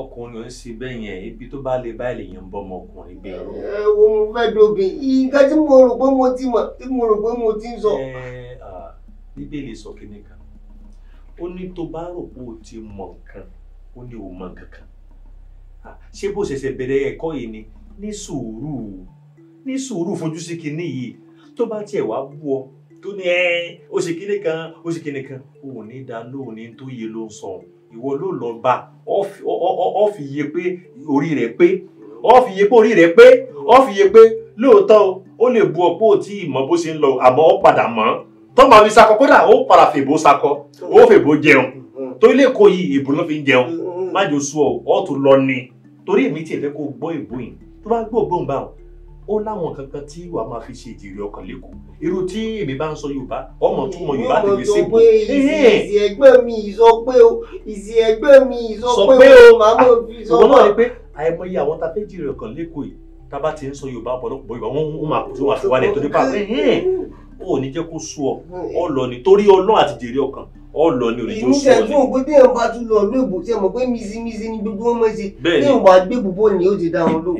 ọkùnrin ò ń ṣe bẹ́ẹ̀ yẹn ibi tó bá lè báyìí lèèyàn ń bọ́ ọmọkùnrin bẹ́ẹ̀ rọ. ẹ wo mo fẹ́ dobi nǹkan tí mo rò pé mo ti mọ̀ tí mo rò pé mo ti ń sọ. bíbélì sọ kí nìkan ó ní tó bá rò pé o ti mọ̀ nǹkan ó ní o mọ̀ nǹkan kan ṣé bó ṣẹ̀ṣẹ̀ bẹ̀rẹ̀ ẹ̀kọ́ yìí ni ní sùúrù ní sùúrù fojú sí kinní yìí tó bá tiẹ̀ wá bú ọ tó ní ẹ ó ṣe kinní kan ó ṣe kinní kan òun ní dá lóun ní tó yẹ ló ń sọ ìwọ ló lọ bá ọ fi yé pé orí rẹ pé ọ fi yé pé orí rẹ pé ọ fi yé pé lóòótọ́ ó lè bu ọpọ́ tí ìmọ̀ bó ṣe ń lọ àmọ́ ó padà mọ́ tó máa sakọ kódà ó para fèbó sakọ ó fèbó jẹun tó ilé kó yìí ìbò fi ń jẹun mm-hmm. má jò ọ ọ lọ ni torí èmi tiẹ̀ fẹ́ kó gbọ́ ìbò yìí tó bá ń gbọ́ ògbóhùn bá wọn ó láwọn kankan tí wàá máa fi ṣe ìjìrì ọkàn lẹ́kọ̀ọ́ irú tí èmi bá ń sọ yorùbá ọmọ túmọ̀ yorùbá tèmi sí bò ìsì ẹgbẹ́ mi ìsọ pé o ìsì ẹgbẹ́ mi ìsọ pé o màmá òbí sọ pé o. ìwọ náà ni pé àìmọye àwọn tá a fẹ́ jìrì ọkàn lẹ́kọ̀ọ́ yìí tá a bá ti ń sọ yorùbá ọ̀pọ̀lọpọ̀ yorùbá wọn máa kó sí wàá fi wálẹ̀ torí pa ò ní jẹ́ kó sú ọ ọ lọ nítorí ọlọ́run àti jèrè ọkàn ọ lọ ní olùjọ sùn ọ ni. pé bí èèyàn bá tún lọ ọdún èbò tí ẹ mọ̀ pé mizimizi ni gbogbo wọn máa ṣe bí èèyàn bá gbé gbogbo ni yóò ti dá wọn lóhùn.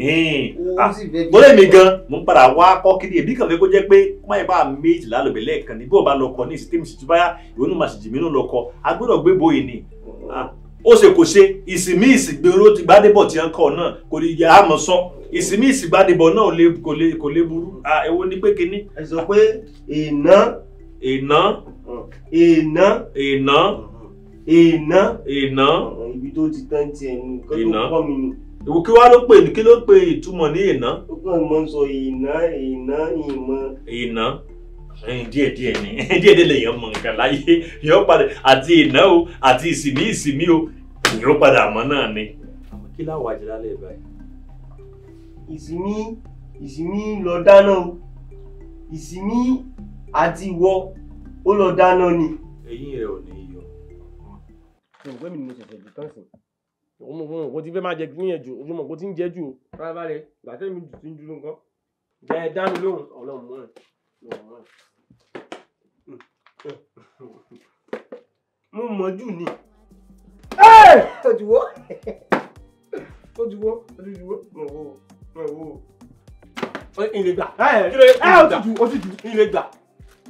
gbọ́dọ̀ mi gan mo ń padà wá kọ́ kí ni èmi kàn fẹ́ kó jẹ́ pé má yẹn bá méjì lálùbẹ̀ lẹ́ẹ̀kan ni bí wọ́n bá lọ kọ ní ìsítẹ́mù sì ti báyà ìwé ní màsìjì mi lọ kọ a gbé bóyè ni ah, ó ṣe kò ṣe ìsinmi ìsìgbèrò ti gbádébọ̀ tí wọ́n náà kò lè yà á mọ̀ sọ ìsinmi ìsìgbádébọ̀ náà kò lè burú ewo ah, ni pé kinní. ẹ sọ pé ìná èèná èèná èèná èèná èèná. ibi tó ti tán tiẹ̀ nù kí ló kọ́ mi nù. ìwò kí wàá ló pè kí ló pe ìtumọ̀ ní èèná. ó kàn mọ sọ èèná èèná ìmọ̀. èèná díẹ̀ díẹ̀ ni díẹ̀ díẹ̀ lèèyàn mọ̀ nǹkan láyé yóò padà àti èèná o àti ìsìnmí ìsìnmí o yóò padà mọ̀ náà ni. àmọ́ kí láwọ̀ àjẹlá lè báyìí. ìsìnmí ìsìnmí lọ dáná o ìsìnmí àti ìwọ ó lọ dáná ni. ẹyin rẹ ò ní yọ. ògbé mi ni mo ṣẹ̀ṣẹ̀ jù tán sí òun mọ̀ kó ti fẹ́ máa jẹ gbìyànjú ojú mọ̀ kó ti ń jẹ́ jù rárá rẹ gbàtẹ́ mi jù ti ń dúró nǹkan jẹ́ ẹ dá mi lóhùn ọlọ́run mọ́ ẹ̀ lọ́wọ́ mọ́ ẹ̀. mo mọ̀ jù ni. ojúwo ojúwo ojúwo mo wo mo wo. ìlẹ̀gbà ẹ ojúju ojúju ìlẹ̀gbà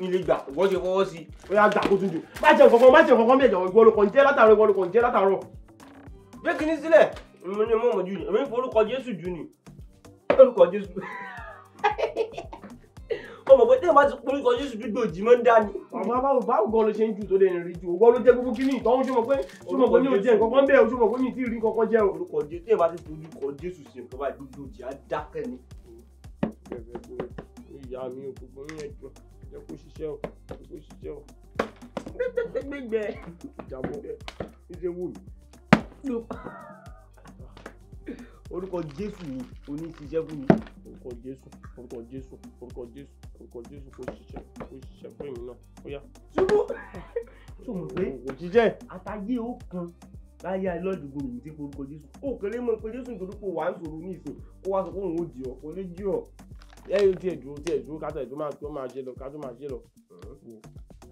ilé gbà ìwọ ṣe fọwọ́ sí i ó yà gbà kó tún jò má jẹ nǹkan kan má jẹ nǹkan kan bí ẹ̀jẹ̀ ìwọ ló kàn jẹ́ látàárọ̀ ìwọ ló kàn jẹ́ látàárọ̀. gbé kinní sílẹ̀ mo ní mọ̀mọ́ jù ní èmi forúkọ Jésù jù ní orúkọ Jésù mo mọ̀ pé tí ìwà ti forúkọ Jésù dúdú òjì mọ́ ń dá ni. ọmọ báwo báwo gan ló ṣe ń jù tó lè rí ju òwò ló jẹ gbogbo kí ni ìtọ́hún ṣùgbọ́n pé ṣùgbọ́n pé mi ò jẹ nǹkan kan bẹ́ẹ̀ ṣùgbọ́n pé mi ti rí nǹkan kan jẹ́ o. orúkọ Jésù tí ìwà ti forúkọ Jésù sí nǹkan báyìí dúdú òjì á dákẹ́ ni. ìyá mi ò gbogbo yín ẹ̀jọ̀ jẹ́ kó ṣiṣẹ́ o jẹ́ kó ṣiṣẹ́ o. gbígbẹ. ìjàmbá ẹ ṣe wù mí. orúkọ jésù ni oníṣiṣẹ́ fún mi orúkọ jésù orúkọ jésù orúkọ jésù orúkọ jésù kó ṣiṣẹ́ kó ṣiṣẹ́ fún èmi náà ó yá. ṣubú tó mọ̀ pé kò ṣiṣẹ́ àtàyé ó kan láyé alọ́dúnrún mi ti forúkọ jésù ó kéré mọ́ pé jésù nítorí pé wàá ń sọ̀rọ̀ ní ìsìn kó wá sọ pé òun ò jì ọ́ kò lè jì ọ́ ẹyọ tí ẹ dúró tí dúró ká tẹ̀ tó máa tó máa ṣe lọ ká tó máa ṣe lọ. Mm-hmm.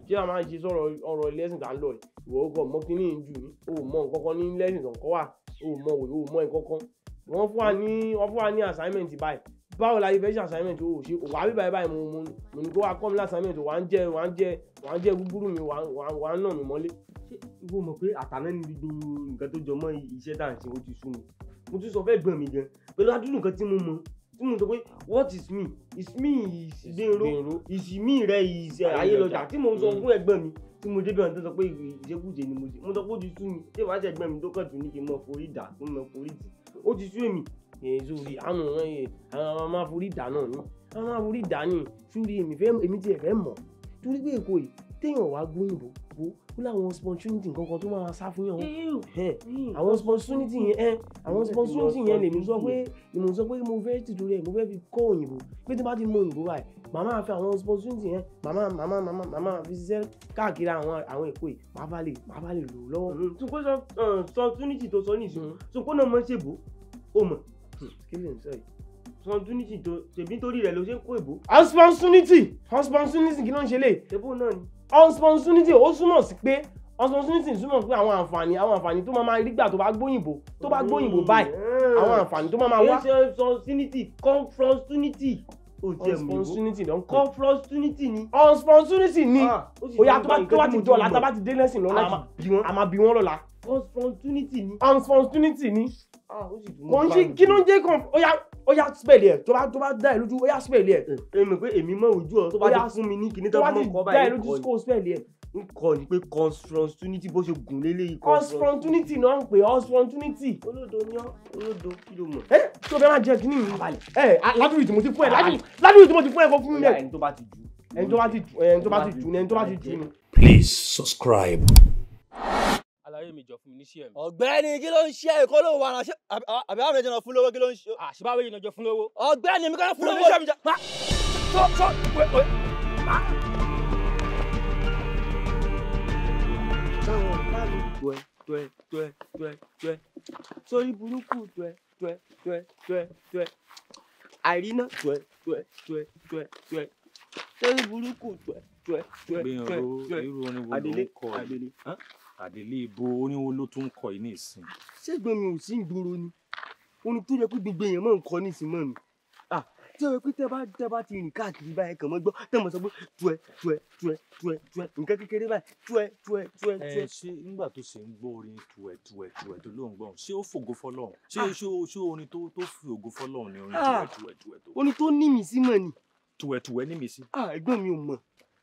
ṣé a máa ṣe sọ̀rọ̀ ọ̀rọ̀ lẹ́sìn tá ń lọ yìí ìwọ ọkọ̀ mọ́ kínní ń ní o mọ nǹkan kan ní lẹ́sìn tó ń kọ́ wà o mọ òwe mọ nǹkan kan wọ́n fún wa ní wọ́n fún wa ní assignment báyìí báwo la ìfẹ́ ṣe assignment o ṣe wàá bí báyìí báyìí mo mo ní kó wa kọ́ mi wà á jẹ wà á jẹ wà á jẹ gúgúrú mi wà á nà mí mọ́lé. ṣé ìwọ mọ̀ pé àtàná tí mo sọ pé what is me is me is gbèrò is me rẹ is eh, ayélujára tí mo sọ mm. fún ẹ̀gbọ́n mi tí mo débi ọ̀dọ́ sọ pé ìjẹkújẹ ni mo ṣe mo sọ pé ó ti sú mi tí wàá ṣẹ̀gbọ́n mi tó kàn tún ní kí n mọ forí dà kí n mọ forí dì ó ti sú èmi èyí eh, sórí àwọn ọ̀ràn yẹn àwọn ọmọ forí dà náà ni àwọn ọmọ forí dà ni sórí èmi tiẹ̀ fẹ́ mọ̀ torí pé èkó yìí téèyàn wá gbóyìnbó ó láwọn spontaneity kankan tó máa sá fún yàn àwọn spontaneity yẹn àwọn spontaneity yẹn lèmi sọ pé ìmọ̀ sọ pé mo fẹ́ tìtú rẹ̀ mo fẹ́ fi kọ́ òyìnbó pé tí bá ti mọ òyìnbó báyìí màmá fi àwọn spontaneity yẹn màmá màmá màmá màmá fi ṣiṣẹ́ káàkiri àwọn àwọn èkó yìí màá bá lè màá bá lè lò lọ́wọ́. Hmm, sunkún sọ eh, spontaneity tó sọ nìyí hmm. sunkún náà mọ̀ ṣèbó ó mọ̀ hmm, kí ló ń sọ yìí spontaneity tó ṣèbí nítorí rẹ̀ ló ṣe kó èbó unsportsmanship ó súnmọ̀ sí pé unsportsmanship súnmọ̀ pé àwọn àǹfààní àwọn àǹfààní tó máa máa rí gbà tó bá gbóyìnbó tó bá gbóyìnbó báyìí mm, àwọn àǹfààní tó máa máa wá. unsportsmanship confrontunity unsportsmanship don kọ confrontunity ni. unsportsmanship ni ah, oya tó bá ti dọ̀la tá a bá ti dé lẹ́sìn lọ́la àmà bí wọ́n lọ́la. unsportsmanship ni. unsportsmanship ni. Ah, kò ń ṣe kí ló ń jẹ́ ó yá spẹ̀lì ẹ̀ tó bá tó bá dá ẹ lójú ó yá spẹ̀lì ẹ̀. ẹ mọ̀ pé èmi mọ̀ ojú ọ tó bá ti fún mi ní kinní tó bá mọ̀ kọ́ báyìí kọ́ ẹ̀ n kọ ni pé consfrontunity bó ṣe gùn léléyìí consfrontunity náà ń pè consfrontunity olódo yan olódo kí ló mọ̀. ẹ tí o fẹ́ máa jẹ kí ni mi. ẹ ládùúgbò tí mo ti fún ẹ ládùúgbò tí mo ti fún ẹ kó fún mi lẹ. ẹni tó bá ti jù ẹni tó bá ti jù ẹni tó bá ti jù ni. Please subscribe ayé mi jọ fún mi ní ṣíẹ mi. ọ̀gbẹ́ni kí ló ń ṣe èkó ló wà ránṣẹ́ àbí àwọn èèyàn fún lówó kí ló ń ṣe. àṣìbá àwọn èèyàn jọ fún lówó. ọ̀gbẹ́ni mi kọ́ fún lówó. fún mi ṣe mi jẹ. tuẹ tuẹ tuẹ tuẹ tuẹ sórí burúkú tuẹ tuẹ tuẹ tuẹ tuẹ àìríná tuẹ tuẹ tuẹ tuẹ sórí burúkú tuẹ tuẹ tuẹ tuẹ tuẹ adele adele àdèlé ibo oníwó ló tún ń kọ yìí nísìn. Ah, ṣé ìgbọ́n mi ò sí ìgboro ni orin tó yẹ pé gbogbo èèyàn máa ń kọ nísìn mọ́ mi ah, tí o yẹ pé tẹ bá tẹ bá ti rìn káàkiri báyìí kàn mọ́ gbọ́ tẹ mọ̀ sọ pé tuẹ tuẹ tuẹ tuẹ tuẹ nǹkan kékeré báyìí tuẹ tuẹ tuẹ tuẹ. ẹ ṣé nígbà tó ṣe ń gbọ́ orin tuẹ tuẹ tuẹ tó ló ń gbọ́ ṣé ó fògo fọ́lọ́run ah. ṣé ṣé ṣé orin tó tó fi ògo fọ́lọ́run ni orin tuẹ tuẹ tuẹ tó. orin tó ní mi sí mọ̀ ni. tuẹ tuẹ ní mi sí. ẹ̀gbọ́n mi ò mọ̀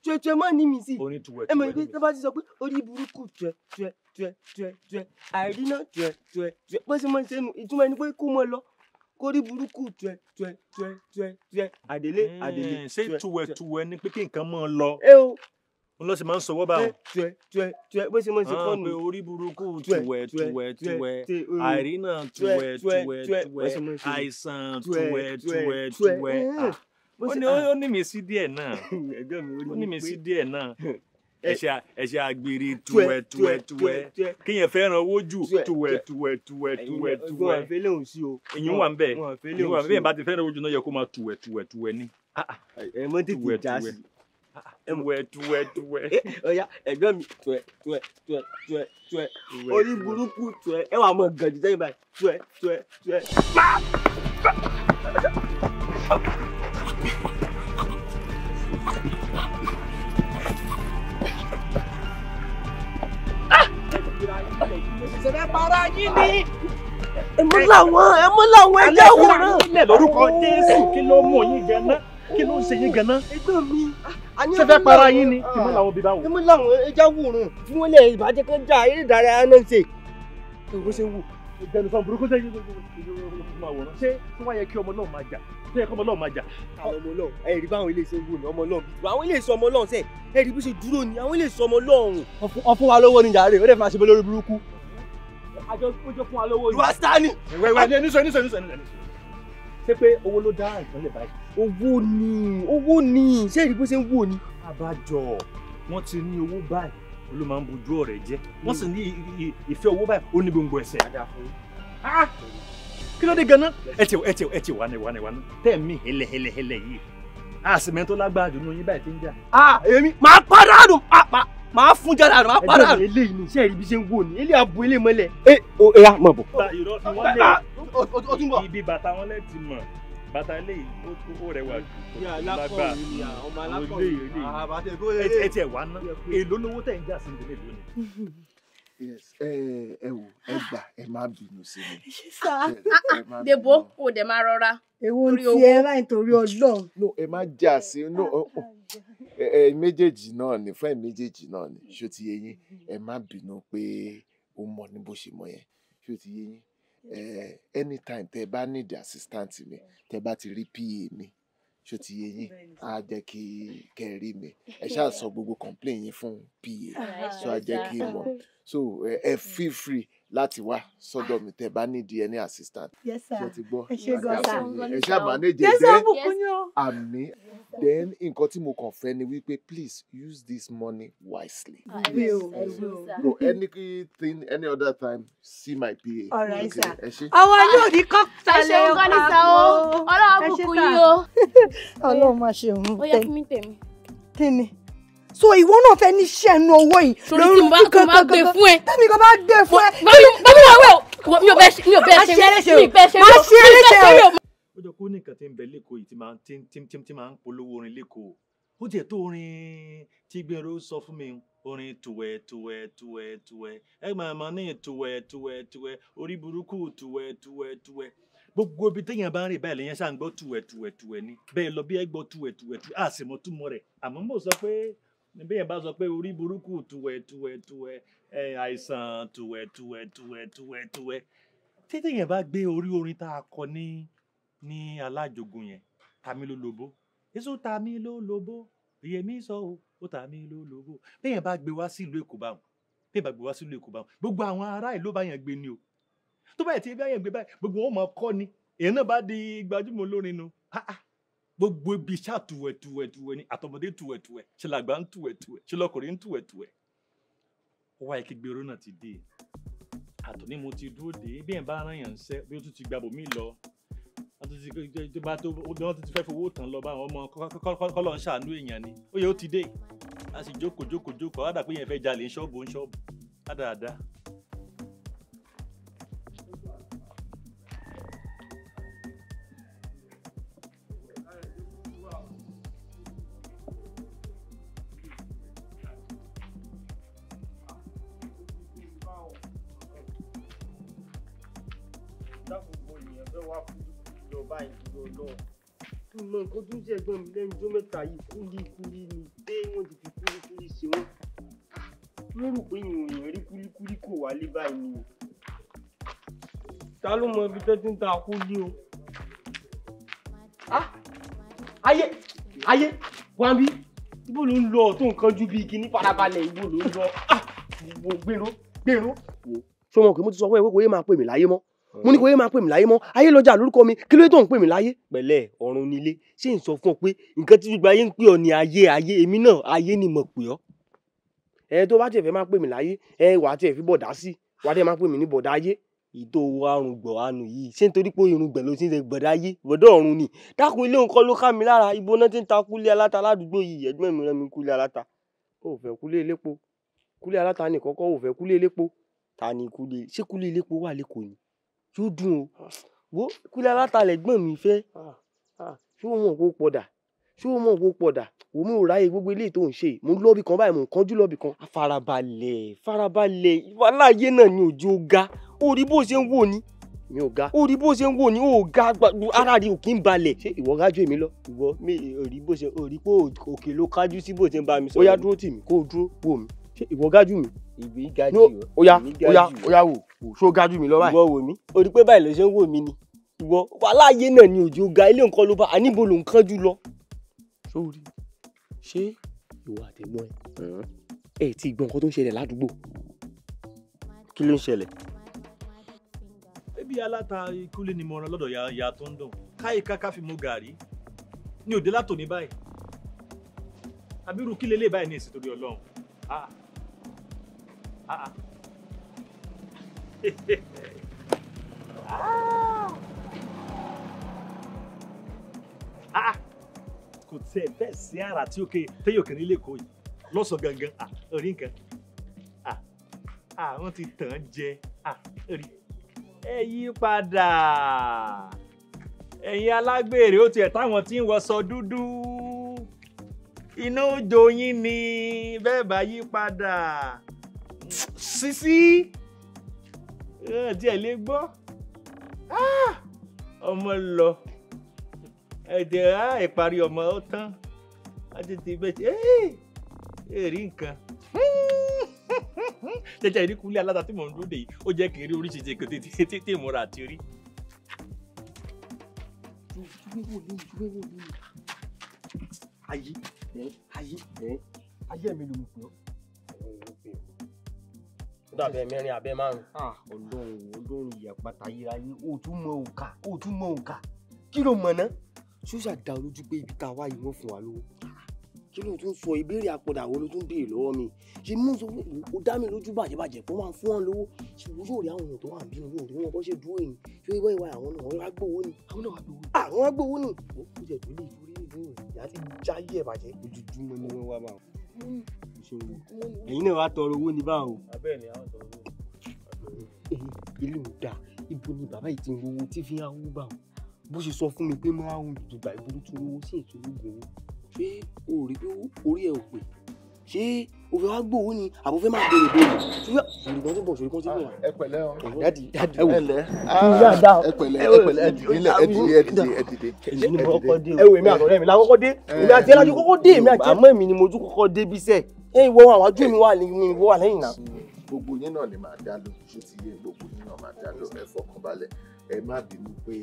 tuẹtuẹ mọ ní mi sí ẹ ibi tí wọn bá ti sọ pé orí burúkú tuẹ tuẹ tuẹ tuẹ tuẹ àìríná tuẹ tuẹ tuẹ bó ṣe mọ ṣe nu ìtumọ̀ ẹni pé kó mọ lọ kórí burúkú tuẹ tuẹ tuẹ tuẹ tuẹ àdélé àdélé tuẹ tuẹ. ṣé tuwẹtuwẹ ni pé kí nǹkan mọ lọ. ẹ o n lọ sí máa ń sọwọ́ bá wọn. tuẹ tuẹ tuẹ bó ṣe máa ṣe fọ́ọ̀nù. pé orí burúkú tuẹ tuẹ tuẹ àìrínà tuẹ tuẹ tuẹ àìsàn tuẹ tuẹ tuẹ. Ah. ó ní mi sí díẹ̀ náà ó ní mi sí díẹ̀ náà ẹ̀ṣẹ̀ ẹ̀ṣẹ̀ àgbèrè tuwẹ̀ tuwẹ̀ tuwẹ̀ kéèyàn fẹ́ràn owó jù tuwẹ̀ tuwẹ̀ tuwẹ̀ tuwẹ̀ tuwẹ̀ ìyún wà ń bẹ̀ ìyún wà ń bẹ̀ bá ti fẹ́ràn owó jù náà yẹ kó máa tuwẹ̀ tuwẹ̀ tuwẹ̀ ní. ẹ mọ tètè já sí tuwẹ̀ tuwẹ̀ tuwẹ̀. ọ̀ya mi tuwẹ̀ tuwẹ̀ tuwẹ̀ tuwẹ̀ tuwẹ̀ orí burúkú tuwẹ̀ ẹ wà mọ̀ gàdí sẹ́yìn báyìí tuwẹ̀ tuwẹ̀ tuwẹ̀. ṣẹ̀fẹ̀ para yín ni. ẹmú làwọn ẹmú làwọn ẹjẹ àwòrán. ilẹ̀ lórúkọ jésù kí ló mú yín ganan kí ló ń ṣe yín ganan. ẹgbẹ́ mi ṣẹ̀fẹ̀ para yín ni ẹmú làwọn bíbá wọn. ẹmú làwọn ẹjẹ àwòrán tí wọ́n lè ìbàjẹ́ kan já eré ìdárayá náà ṣe. ẹ̀wọ́n ṣe wù ìbẹ̀rù sọ burúkú tẹ́ ṣe tí wọ́n yẹ kí ọmọ náà máa jà tó yẹ kí ọmọ náà máa jà. àwọn ọmọ náà ẹ̀rí báwọn ilé iṣẹ́ wò ní ọmọ náà àwọn ilé iṣẹ́ ọmọ náà sẹ̀ ẹ̀rí bó ṣe dúró ni àwọn ilé iṣẹ́ ọmọ náà ọ̀hún. ọ̀fun wa lówó ni jàre ó dẹ̀ fi máa lórí burúkú àjọ ojú fún wa lówó yìí. ìwà sani. wẹ́wẹ́ ní nísọ nísọ nísọ nísọ. ṣé pé owó ló dá nǹkan lè báyìí. owó ni owó ni ṣé èyí bó ṣe ń wò ni. àbájọ wọn ti ní owó báyìí ló máa ń bojú ọ̀rẹ́ jẹ́ wọ́n sì ní ìfẹ́ owó báyìí ó ní gbogbo ẹsẹ̀. kí ló dé ganan ẹ ti ẹ ti ẹ ti wà ní wà ní wà ní tẹ̀mí hẹlẹhẹlẹ yìí àsìmẹ́ntó lágbára jù ní oyin báyìí ti ń jà. Ah, èmi máa pa pàápàá máa fún jára máa para. ẹjọ́ ilé inú iṣẹ́ ìrìbí ṣe ń wò ní ilé àbò ilé mọ́lẹ̀. ẹ o ẹ yà mọ̀ bọ̀. ìrọ̀ fi wọ́n lé ibi bàtà wọn lẹ́ ti mọ̀ bàtà ilé ó rẹwà jù kò tó lágbà ọmọ alákọ̀ọ́ ilé ah, ẹ tiẹ̀ wá ná èlò lówó tẹ̀ ń jà sí ìdílé lónìí ẹ wò ẹ gbà ẹ má bínú sí mi. Ah, ah, dèbò kò dé máa rọra. èwo ń tiẹ̀ láì torí ọlọ́run. no ẹ má jà sí no ẹ méjèèjì náà ni fún ẹ méjèèjì náà ni ṣó ti yé yín ẹ má bínú pé ó mọ ní bó ṣe mọ yẹn ṣó ti yé yín ẹ anytime tẹ bá need assistant mi tẹ bá ti rí pa mi ṣó ti yé yín á jẹ́ kí kẹ́ rí mi ẹ ṣáà sọ gbogbo complain yín fún pa ah, so á jẹ́ kí n mọ̀ so ẹ feel free láti wá sọ́dọ̀ mi tẹ́ bá nídìí ẹni assistant. yes sir ṣe ti gbọ́ ẹ ṣe gan sa ẹ ṣe àmàlejò jẹ́ àmì then nǹkan tí mo kàn fẹ́ ni wípé please use this money wisely. I will I will. no anything any other time see my PA. ọ̀rọ̀ ìsà ọwọ́ yóò ní kọ́ sálẹ̀ ọ̀pá ẹ̀ṣẹ̀ sá o ọlọ́wọ́ bùkún yìí o. ọlọ́run máa ṣe òun tẹ̀mí. ó yẹ fún mi tèmi. kí ni so ìwọ náà fẹ́ ní sẹ́nu owó yìí lórí kíkan kankan tẹ́mi kan bá gbé fún ẹ. bámi wà wẹ̀ mi ò bẹ́ ṣe mi ò bẹ́ ṣe mi ò bẹ́ ṣe mi ò bẹ́ ṣe mi ò. ó jọ kó ní nǹkan tí ń bẹ lẹ́kọ̀ọ́ yìí tí máa ń polówó orin lẹ́kọ̀ọ́ ó tiẹ̀ tó orin tí gbèrò sọ fún mi orin tùwẹ̀ tùwẹ̀ tùwẹ̀ tùwẹ̀ ẹ máa máa ní tùwẹ̀ tùwẹ̀ tùwẹ̀ orí burúkú tùwẹ̀ tùwẹ̀ tùwẹ̀ gbogbo ibi téèyàn bá ń rìn báyìí lèèyàn ṣáà ń gbọ́ tùwẹ̀ ni bẹ́ẹ̀ lọ bí ẹ gbọ́ tùwẹ̀ tùwẹ̀ tùwẹ̀ àṣìmọ́túmọ̀ rẹ̀ àmọ́ mo sọ pé bí yẹn bá sọ pé orí burúkú tùwẹ̀ tùwẹ̀ tùwẹ̀ àìsàn tùwẹ̀ tùwẹ̀ tùwẹ̀ tùwẹ̀ tùwẹ̀ tètè yẹn bá gbé orí orin tá a kọ ní ní alájogun yẹn tàmí ló lobo èso tàmí ló lobo ìyẹmí sọ o ó tàmí ló lobo bí yẹn bá gbé wá sílùú èkó báwọn bí yẹn bá gbé wá sílùú èkó báwọn gbogbo àwọn ará ìlú bá yẹn gbé ni o tó báyìí tí ebi ayẹ̀gbẹ́ báyìí gbogbo wọn mọ̀ kọ́ ni èèyàn náà bá di gbajúmọ̀ olórin nu gbogbo ibi iṣẹ́ àtúwẹ̀túwẹ̀túwẹ̀ ni àtọmọdé túwẹ̀túwẹ̀ ṣe làgbà ń túwẹ̀túwẹ̀ ṣe lọkùnrin ń túwẹ̀túwẹ̀ ó wáyé kí gbèrò náà ti dé àtúní mo ti dúró dé bí ẹ̀ bá rán yàn ń sẹ́ bí ó tún ti gbàbọ̀ mí lọ tó bá wọ́n ti fẹ́ fowó tán lọ bá ọmọ kọ́lọ́ ń ṣàánú èèyàn ni ó yẹ ó ti dé a sì jókòó jókòó jókòó á dà pé yẹn fẹ́ jalè ń ṣọ́ọ̀bù ń ṣọ́ọ̀bù á dáadáa. lẹ́njọ́ mẹ́ta yìí kúlíkúlí ni pé wọ́n ti fi kúlíkúlí ṣe wọ́n mo rò pé ìròyìn rí kúlíkúlí kò wálé báyìí ni ta ló mọ ibi tó ti ń ta kúlí o. Ah! ayé ayé wambi ibo ló ń lọ tó nǹkan ju bíi kíní farabalẹ̀ ibo ló ń lọ ah! gbèrò gbèrò. sọmọ kì í mo ti sọ fún ẹ pé kò yé máa pè mí láyé mọ́ mo ní kò yé máa pè mí láyé mọ́ ayé lọ́jà lórúkọ mi kí ló tó ń pè mí láyé. pẹ̀lẹ́ ọ̀run nílé ṣé n sọ fún ọ pé nǹkan tí gbogbo ayé ń pè ọ ní ayé ayé èmi náà ayé ni mo pè ọ. ẹ tó bá tiẹ̀ fẹ́ máa pè mí láyé ẹ wà á tiẹ̀ fi bọ̀dá sí wà á tiẹ̀ máa pè mí ní bọ̀dá ayé. ìtò arùn gbọ̀ àánú yìí ṣé nítorí pé irun gbẹ̀ ló ti ń ṣe gbọ̀dá ayé gbọ̀dọ̀ ọ̀run ni dákun ilé nǹkan ló ká mi lára ibo náà ti ń ta kúlé aláta ládùúgbò yìí ẹ̀gbọ́n mi rán mi kúlé aláta ó fẹ́ kúlé elépo kúlé aláta nìkọ́kọ́ ó fẹ́ kúlé elépo ta ni kúlé ṣé kúlé elépo wà yóò dùn o ah. wo kúlẹ̀ alátalẹ̀ gbọ́n mi fẹ́ ah. Ah. ṣé o mọ̀ kó pọ̀dà ṣé o mọ̀ kó pọ̀dà wò mí ò ráyè gbogbo eléyìí tó ń ṣe mo ń lọ́ọ̀bì kan báyìí mo ń kánjú lọ́ọ̀bì kan. farabalẹ̀ farabalẹ̀ aláàyè náà ni òjò ga orí bó ṣe ń wò ni mi ò ga orí bó ṣe ń wò ni ò ga ara rẹ ò kí ń balẹ̀. ṣé ìwọ gájú èmi lọ. ìwọ mi orí bó ṣe orí pé òkè ló kájú sí bó ṣe ń bá mi sọ. ó yá dúró tì mí kó o dúró wò mí ṣé ìwọ gájú mi. ìgbín gájú ọ ìgbín gájú ọ ṣó ga jù mí lọ báyìí. ìwọ wò mí o rí pé báyìí ló ṣe ń wò mí ni ìwọ aláàyè náà ni òjò ga ilé nǹkan ló bá àníbo ló ń kán jù lọ. sórí ṣé ìwà àtẹ̀gbọ́n ẹ ẹ ti gbọ́ nǹkan tó ń ṣẹlẹ̀ ládùúgbò. kí ló ń ṣẹlẹ̀. bébí aláta ikúlé ni mo rán lọ́dọ̀ ya tó ń dùn káyì káká fi mu gàrí ní òde látòní báyìí abiru kí lélẹ̀ báyìí ní ìsìn torí ọlọ́run. Ah, ah, ah. Ah! Ah! kò tiẹ̀ bẹ́ẹ̀ sí àrà tí ó kéré tẹ́yọ̀ kéré lẹ́kọ̀ọ́ yìí lọ́sàn-án gangan orí ah, nǹkan àwọn ti tàn án jẹ rí ẹ yí padà ẹ̀yin alágbèrè ó tiẹ̀ táwọn tí ń wọṣọ dúdú iná òjò yín ni bẹ́ẹ̀ bá yí padà sísí. Si, si tí ẹ lè gbọ́ ah! ọmọ lọ ẹ̀dẹ̀ á ah, ìparí ọmọ ó tán á tètè bẹ́ẹ̀ tí èrí eh! nǹkan jẹjẹ ìríkulé aláta tí mò ń dúró dè yìí ó jẹ́ kí n rí oríṣiríṣi kan tètè ìmúra àti rí. ayé ayé ayé mi ló mú pé ọ́ dàbẹ mẹ́rin abẹ márùn. Ah, Ọlọ́run Ọlọ́run ìyàpàtà yíráyé o tún mọ òǹkà o tún mọ òǹkà kí ló mọ ná. sọ́sà dá olójú pé ibi tá a wá yìí wọ́n fún wa lówó. kí ló tún sọ ìbéèrè àpọ̀dà àwọn ló tún béèrè lọ́wọ́ mi ṣe mú sọ o dá mi lójú bàjẹ́ bàjẹ́ pé wọ́n fún wọn lówó ṣe wo yóò rí àwọn èèyàn tó wà nínú yóò rí wọn bó ṣe dúró yìí ṣé ìwọ ìwà àwọn náà wọ́n á gbowó ni àwọn wá gbowó ni. ó kú ìṣòro mm. ẹ̀yin náà wàá tọrọ owó ní báwo. abẹ́ẹ̀ni àwọn tọrọ owó. ìlú mi dà ibo ni bàbá yìí ti ń rówó tí fi hàn bá wọn bó ṣe sọ fún mi pé máa ń dùgbà ìbúrú tún rówó sí ètò gbòòrò ṣé orí ẹ ò pè ṣé o fẹ́ wá gbowó ni àbò fẹ́ máa béèrè béèrè ṣùgbọ́n ṣùgbọ́n tó bọ̀ ṣùgbọ́n tó bọ̀. ẹ pẹ̀lẹ́ o dadi dadi ẹ wò ẹ pẹ̀lẹ́ ẹ pẹ̀lẹ́ ẹ dìde ẹ dìde ẹ dìde ẹ dìde. èyí ni mo kọ́kọ́ dé o ẹ wò èmi àtọ̀rẹ́ mi la kọ́kọ́ dé èmi àti ẹlẹ́jú kọ́kọ́ dé èmi àti àmọ́ èmi ni mo tún kọ́kọ́ dé bí sẹ́ ẹ ìwọ àwọn ajú mi wà lẹ́yìn náà. gbogbo yín náà lè máa dá lọ ṣé ti yé gbogbo yín náà máa dá lọ ẹ fọkànbalẹ̀ ẹ má bínú pé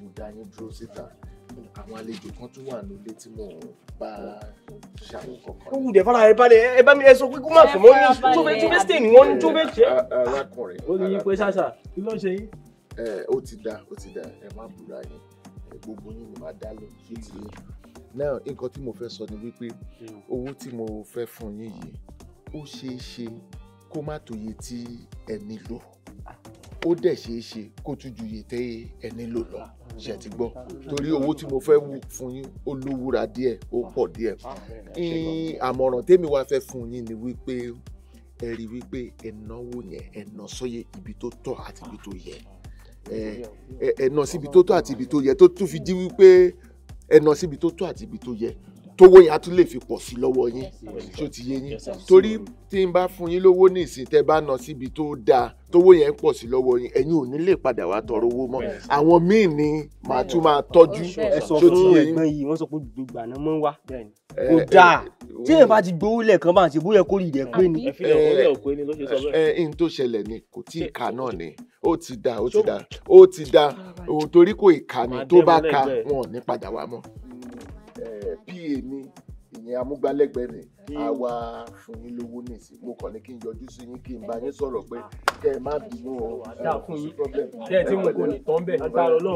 mo dá yín dúró síta àwọn àlejò kan tún wà nílé tí mò bá ṣàwọn kankan. ó wù fara ẹ balẹ̀ ẹ bá mi ẹ sọ pé kó má sùn mọ́ ní túbẹ̀ túbẹ̀ stay ni wọ́n ní túbẹ̀ jẹ́. arákùnrin ó ní pé ṣàṣà kí ló ń ṣe yín. ẹ ó ti da ó ti da ẹ má búra yín gbogbo yín ni màá dá lọ sí ti yín náà nǹkan tí mo fẹ́ sọ ni wípé owó tí mo fẹ́ fún yín yìí ó ṣeé ṣe kó má tó iye tí ẹ nílò ó dẹ̀ ṣeé ṣe kó tún ju iye tẹ́ ẹni lò lọ ṣe ti gbọ́ torí owó tí mo fẹ́ wù fún yín ó lówúra díẹ̀ ó pọ̀ díẹ̀ àmọ̀ràn tèmi wá fẹ́ fún yín ni wípé ẹ rí wípé ẹnáwó yẹn ẹná sóye ibi tó tọ́ àti ibi tó yẹ ẹná síbi tó tọ́ àti ibi tó yẹ tó tún fi di wípé ẹná síbi tó tọ́ àti ibi tó yẹ tówó yẹn á tún lè fi pọ̀ sí lọ́wọ́ yín tó ti yé yín torí tí n bá fún yín lówó ní ìsìn tẹ́ bá ná síbi tó dáa tówó yẹn pọ̀ sí lọ́wọ́ yín ẹ̀yin ò ní lè padà wá tọrọ owó mọ́ àwọn míì ni màá tún máa tọ́jú tó ti yé yín. wọ́n sọ pé gbogbo àná mọ́ ń wá kò dáa tí èèyàn bá ti gbowó lẹ́ẹ̀kan bá ń ṣe bóyá kó rí rẹ̀ pé ni. ẹ tó ṣẹlẹ̀ ni kò tí ì kà náà ni ó ti da ó ti da ó ti da torí kò ì kà ni tó bá ka wọn ò ní padà wá mọ́ pa mi ìyẹn amúgbálẹ́gbẹ̀ẹ́ mi àwa hmm. fún yín lówó nìsí mo kàn ní kí n yọjú sí yín kí n bá yín sọ̀rọ̀ pé kẹ́ ẹ má bínú o kẹ́ ẹ tí mo kò ní tán bẹ́ẹ̀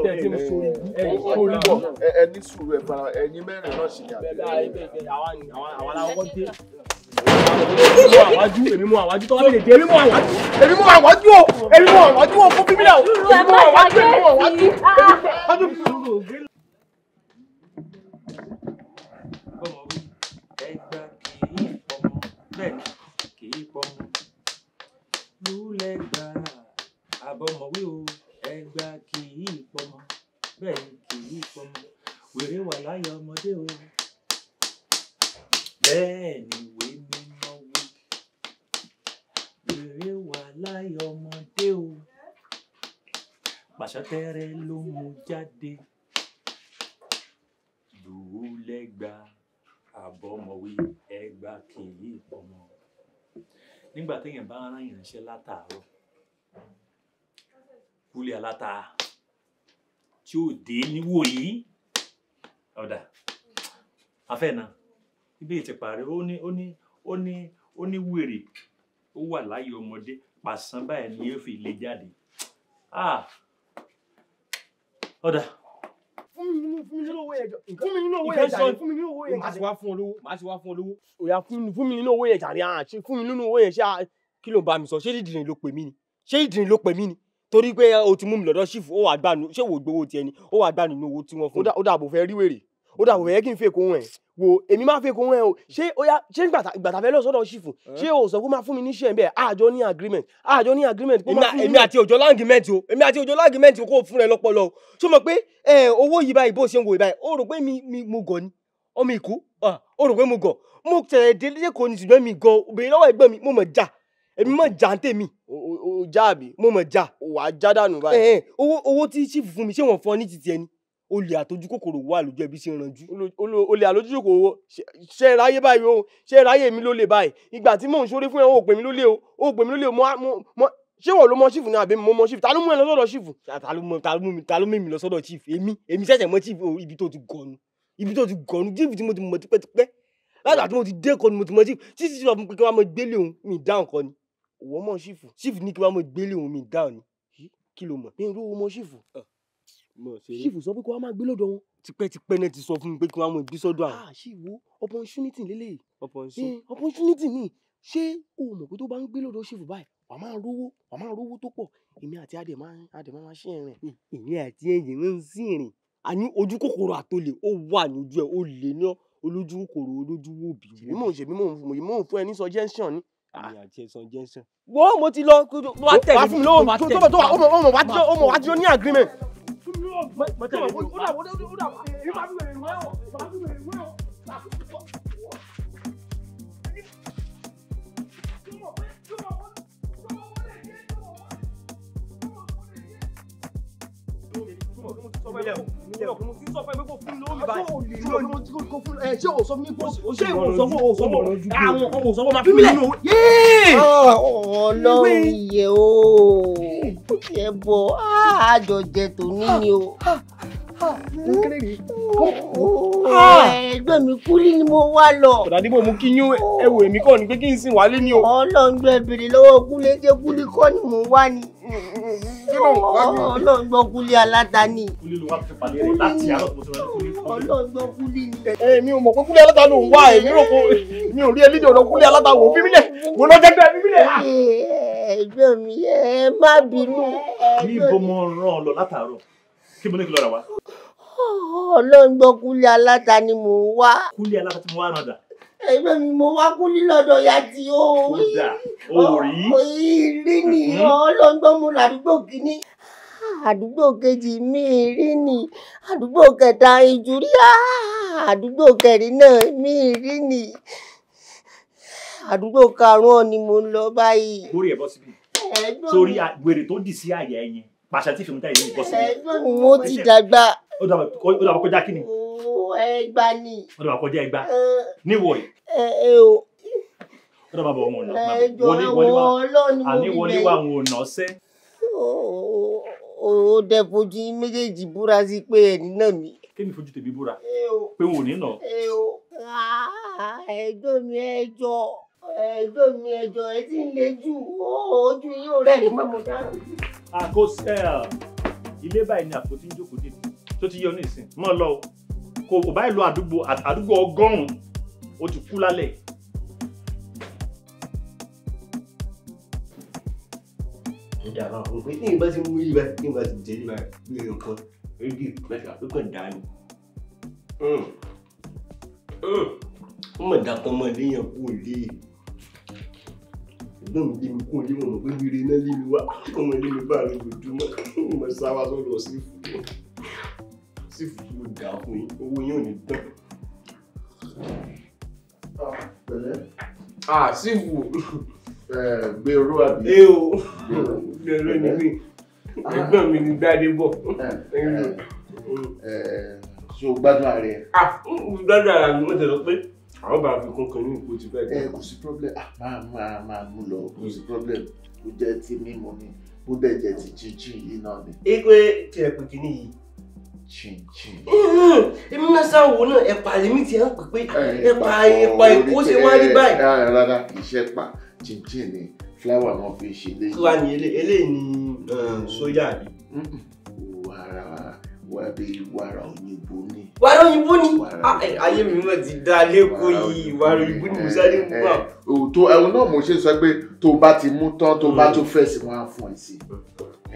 kẹ́ ẹ tí mo eh, sori ẹ yìí eh, sori bọ̀. ẹ eh, ní sùúrù ẹ fara ẹyin mẹ́rin náà ṣì ní àbẹ̀rẹ̀. àwọn aláwọ̀ dé èmi mú àwájú èmi mú àwájú tó wá lè dé èmi mú àwájú èmi mú àwájú o èmi mú àwájú o fún bíbélà o èmi mú àwájú èmi mú àwájú. Ah. ṣẹ̀ keep on, pọnmọ. Lúlẹ̀ gbà àbọ̀mọ̀wé o, ẹgba kì í pọnmọ. Bẹ́ẹ̀ ni kì í pọnmọ. Wèrè wà láyà ọmọdé o. Bẹ́ẹ̀ ni ìwé mímọ́ wí. Wèrè wà láyà ọmọdé o. Pàṣátẹ́rẹ́ ló mú jáde. Lúlẹ̀ gbà àbọ̀mọ̀wé ẹgbà kì í ọmọ. nígbà téèyàn bá rán ìránṣẹ́ látàárọ̀ kúlẹ̀ aláta tí ò dé níwò yìí ọ̀dà afẹ́nà ibi ìtì parí ó ní ó ní ó ní ó ní wèrè ó wà láyé ọmọdé pàṣán báyìí ni yóò fi lè jáde ah! ọ̀dà. Ah fún mi nínú owó yẹn fún mi nínú owó yẹn jàre fún mi nínú owó yẹn jàre. màá ti wá fún olówó màá ti wá fún olówó. òyà fún mi nínú owó yẹn jàre àhàn ṣe fún mi nínú owó yẹn ṣe kí ló ń bá mi sọ ṣé ìdìrín ló pè mí ni ṣé ìdìrín ló pè mí ni torí pé o ti mú mi lọ́dọ̀ ṣìfù ó wà gbà ṣé wò gbowó tiẹ̀ ni ó wà gbà nínú owó tí wọ́n fún mi. ó dàbò fẹ́ rí wèrè ó dà wò yẹ kí n fèkó wọn ẹ wo èmi máa fèkó wọn ẹ o hmm. ṣé ó yá ṣé gbàtà fẹ́ lọ ṣìfù eh? ṣé o sọ pé máa fún mi níṣẹ́ bẹ́ẹ̀ àjọ ní agreement àjọ ní agreement. èmi àti òjò láǹgìmẹ̀ntì o èmi àti òjò láǹgìmẹ̀ntì o kò fún rẹ lọ́pọlọ tó mọ̀ pé owó yìí báyìí bó ṣe ń wò báyìí ó rò pé mi mo gọ̀ ni ọmọ ìkú ó rò pé mo gọ̀ mo tẹ̀ délé kò ní ṣùgbọ́n mi gọ̀ obìnrin lọ́wọ́ ẹgbẹ́ mi mo mọ̀ já èmi mọ̀ já ń o já àbí. mo mọ̀ já. wàá já dànù báyìí. owó tí chief fún mi ṣé wọ́n fọ́ ní titi ẹni olè àtọjú kòkòrò wà lójú ẹbí sí ranjú. olè àlójú kòkòrò ṣe é ráyè báyìí o ṣe é ráyè mi ló lè báyìí ìgbà tí mò ń ṣoore fún ẹ o pè mí ló lè o o pè mí ló lè o mo ṣé wọn ló mọ chief ni àbí mo mọ chief ta ló mú ẹ lọ sọ́dọ̀ chief ta ló mú mi lọ sọ́dọ̀ chief èmi èmi ṣẹ̀ṣẹ̀ mọ chief ibi tó ti gọnu ibi tó ti gọnu chief tí mo ti mọ tipẹ́tipẹ́ látà tí mo ti dé kọnu mo ti mọ chief títí sọ fún pé kí wọn mọ gbélé òun mi dáhùn kọ ni òwò mọ chief chief ní kí wọn mọ gbélé òun mi dáhùn ni kí ló mọ mi ò rówó mọ chief ṣífù sọ pé kó wá máa gbé lọ́dọ̀ wọn. tipẹ́tipẹ́ náà ti sọ fún mi pé kí wọ́n á mọ ibi sọ́dọ̀ àwọn. a ah, ṣì wo opportunity lélẹ̀. Eh, opportunity ni ṣé o mọ̀ pé tó bá ń gbé lọ́dọ̀ ṣífù báyìí wàá máa rówó wàá máa rówó tó pọ̀ èmi àti adé máa adé máa ṣe ìrìn. èmi àti ẹ̀yìn ń sí ìrìn àní ojú kòkòrò àtolè ó wà lójú ẹ ó lè ní olójú kòkòrò olójú wòbí. èmi mò ń ṣe èmi mò ń fún mi mò ń fún ẹ ní suggestion ni àmì ah. àti ẹ̀sán jẹ́sán. wo mo ti lọ wá tẹ̀lé mi wá fún mi lọ́wọ́ tó tó tó ọmọ wájú ó ní agreement mi ò gbọ́. mo tẹ̀lé mi o. ó dà wọ́n ó dà wọ́n èyí máa fi wèrè wẹ́ o máa fi wèrè wẹ́ o. Yeah mi lẹ́wọ̀. mo ti sọ fún ẹ pé kò fún mi lówó tòní ni o. Ah, ah ẹgbẹ́ mi kúlí ni mo wá lọ. bọ̀dàdé bò mú kí yún ẹwò èmi kọ́ ni pé kí n sìn wálé ni o. ọlọ́run gbọ́ ẹ̀bẹ̀rẹ̀ lọ́wọ́ kúlé ṣé kúlí kọ́ ni mo wá ni. ọlọ́run gbọ́ kúlí aláta ni. kúlí ló wá fi pàdé rẹ̀ láti àárọ̀ tó sọ̀rọ̀ kúlí. ọlọ́run gbọ́ kúlí ni. èmi ò mọ̀ pé kúlí aláta ló ń wá èmi rò pé mi ò rí ẹlídìí ọ̀dọ̀ kúlí aláta wò fí mílẹ̀ mo lọ jẹ́gbẹ́ kí mo ní kí lọ rà wá. Ah, ọlọ́run gbọ́ kúlẹ̀ aláta ni mò ń wá. kúlẹ̀ aláta tí mo wá ràn dà. mi mo wá kúlí lọ́dọ̀ ya ti o. ó dà ó rí. rí ni mm-hmm. ọlọ́run gbọ́ mo làdúgbò kìíní ah, àdúgbò kejì mi rí ni àdúgbò kẹta ìjúrí ah, àdúgbò kẹrin náà mi rí ni àdúgbò karùn-ún ni mo ń lọ báyìí. lórí ẹ̀ bọ́ síbí torí wèrè tó dì sí àyà ẹ̀yìn pàṣẹ tí fìmù táyì lóyún bọ́ sí mi. mo ti dàgbà. ó dàbọ̀ kọjá kí ni. ẹgbà ni. ó dàbọ̀ kọjá ẹgbà ní ìwọ yìí. ẹ o. ó dàbọ̀ bọ̀ wọn ò nà wọlé wọlé wa àní wọlé wa wọn ò nà ọsẹ. o dẹ fojú méjèèjì búra sí pé ẹni náà mi. kémi fojú tèmi búra pé wọn ò ní nà. ẹjọ́ mi ẹjọ́ ẹjọ́ mi ẹjọ́ ẹ ti ń le jù ojú yóò rẹ̀ ní mọ́mọ́dá àkóso ilé báyìí ni àpótí ń jókòó dèbò tó ti yọ ní ìsìn mọ́ lọ kò ò báyìí lo àdúgbò àdúgbò ọgọ́rùn-ún ó ti kú lálẹ́. ìjà máa ń pín ní ìbá ti mú yí báyìí ní ìbá ti jẹ́ yí báyìí ní nǹkan èyí mẹ́ta pé kàn dá ni. Hmm. Hmm. ó mọ̀ dàpọ̀ mọ́ léèyàn kú lé yìí ẹ̀gbọ́n mi lé mi kún ilé wọn pé wíire náà lé mi wá ọmọ ilé mi bá rẹ lójúmọ́ mo sá wa sọ́dọ̀ sí fún un sí fún un dà fún yín owó yín ò ní tán. Ah, pẹ̀lẹ́ àṣìwò gbèrú àbí. ẹ o gbèrú ni mí ah. ẹ̀gbọ́n mi ni gbadé bọ̀. ṣé o gbádùn ara rẹ. ah gbádùn ara mi mo tẹ̀lé pé àwọn bá fi kún kan ní ipò ti fẹ́ gbà. ẹ kò sí problem ah, máa máa máa mú lọ kò sí mm. problem ó jẹ ti mímu ni bó dẹ̀ jẹ ti chinchin yìí náà ni. ipe tí ẹ pè kínní yìí. chinchin. Eh, èmi náà sá wo náà ẹ̀pà lèmi ti hàn pé eh, ẹ̀pà ẹ̀pà èkó ṣe wá rí báyìí. Ah, rárá iṣẹ́ pa chinchin ni fúláwà wọn fi ṣe léyìí. kí wàá eléyìí ni sójà àbí. wàrà wàrà wàbí wàrà òyìnbó ni. wàrà òyìnbó ni ah, eh, ayé mi mọ̀ ti dá lẹ́kọ̀ọ́ yìí wàrà òyìnbó ni mo mú eh, eh, wa. tó ẹ̀rù náà mo ṣe sọ pé tó bá ti mú tán tó bá mm. tó fẹ̀ sí wọn á fún ẹ sí.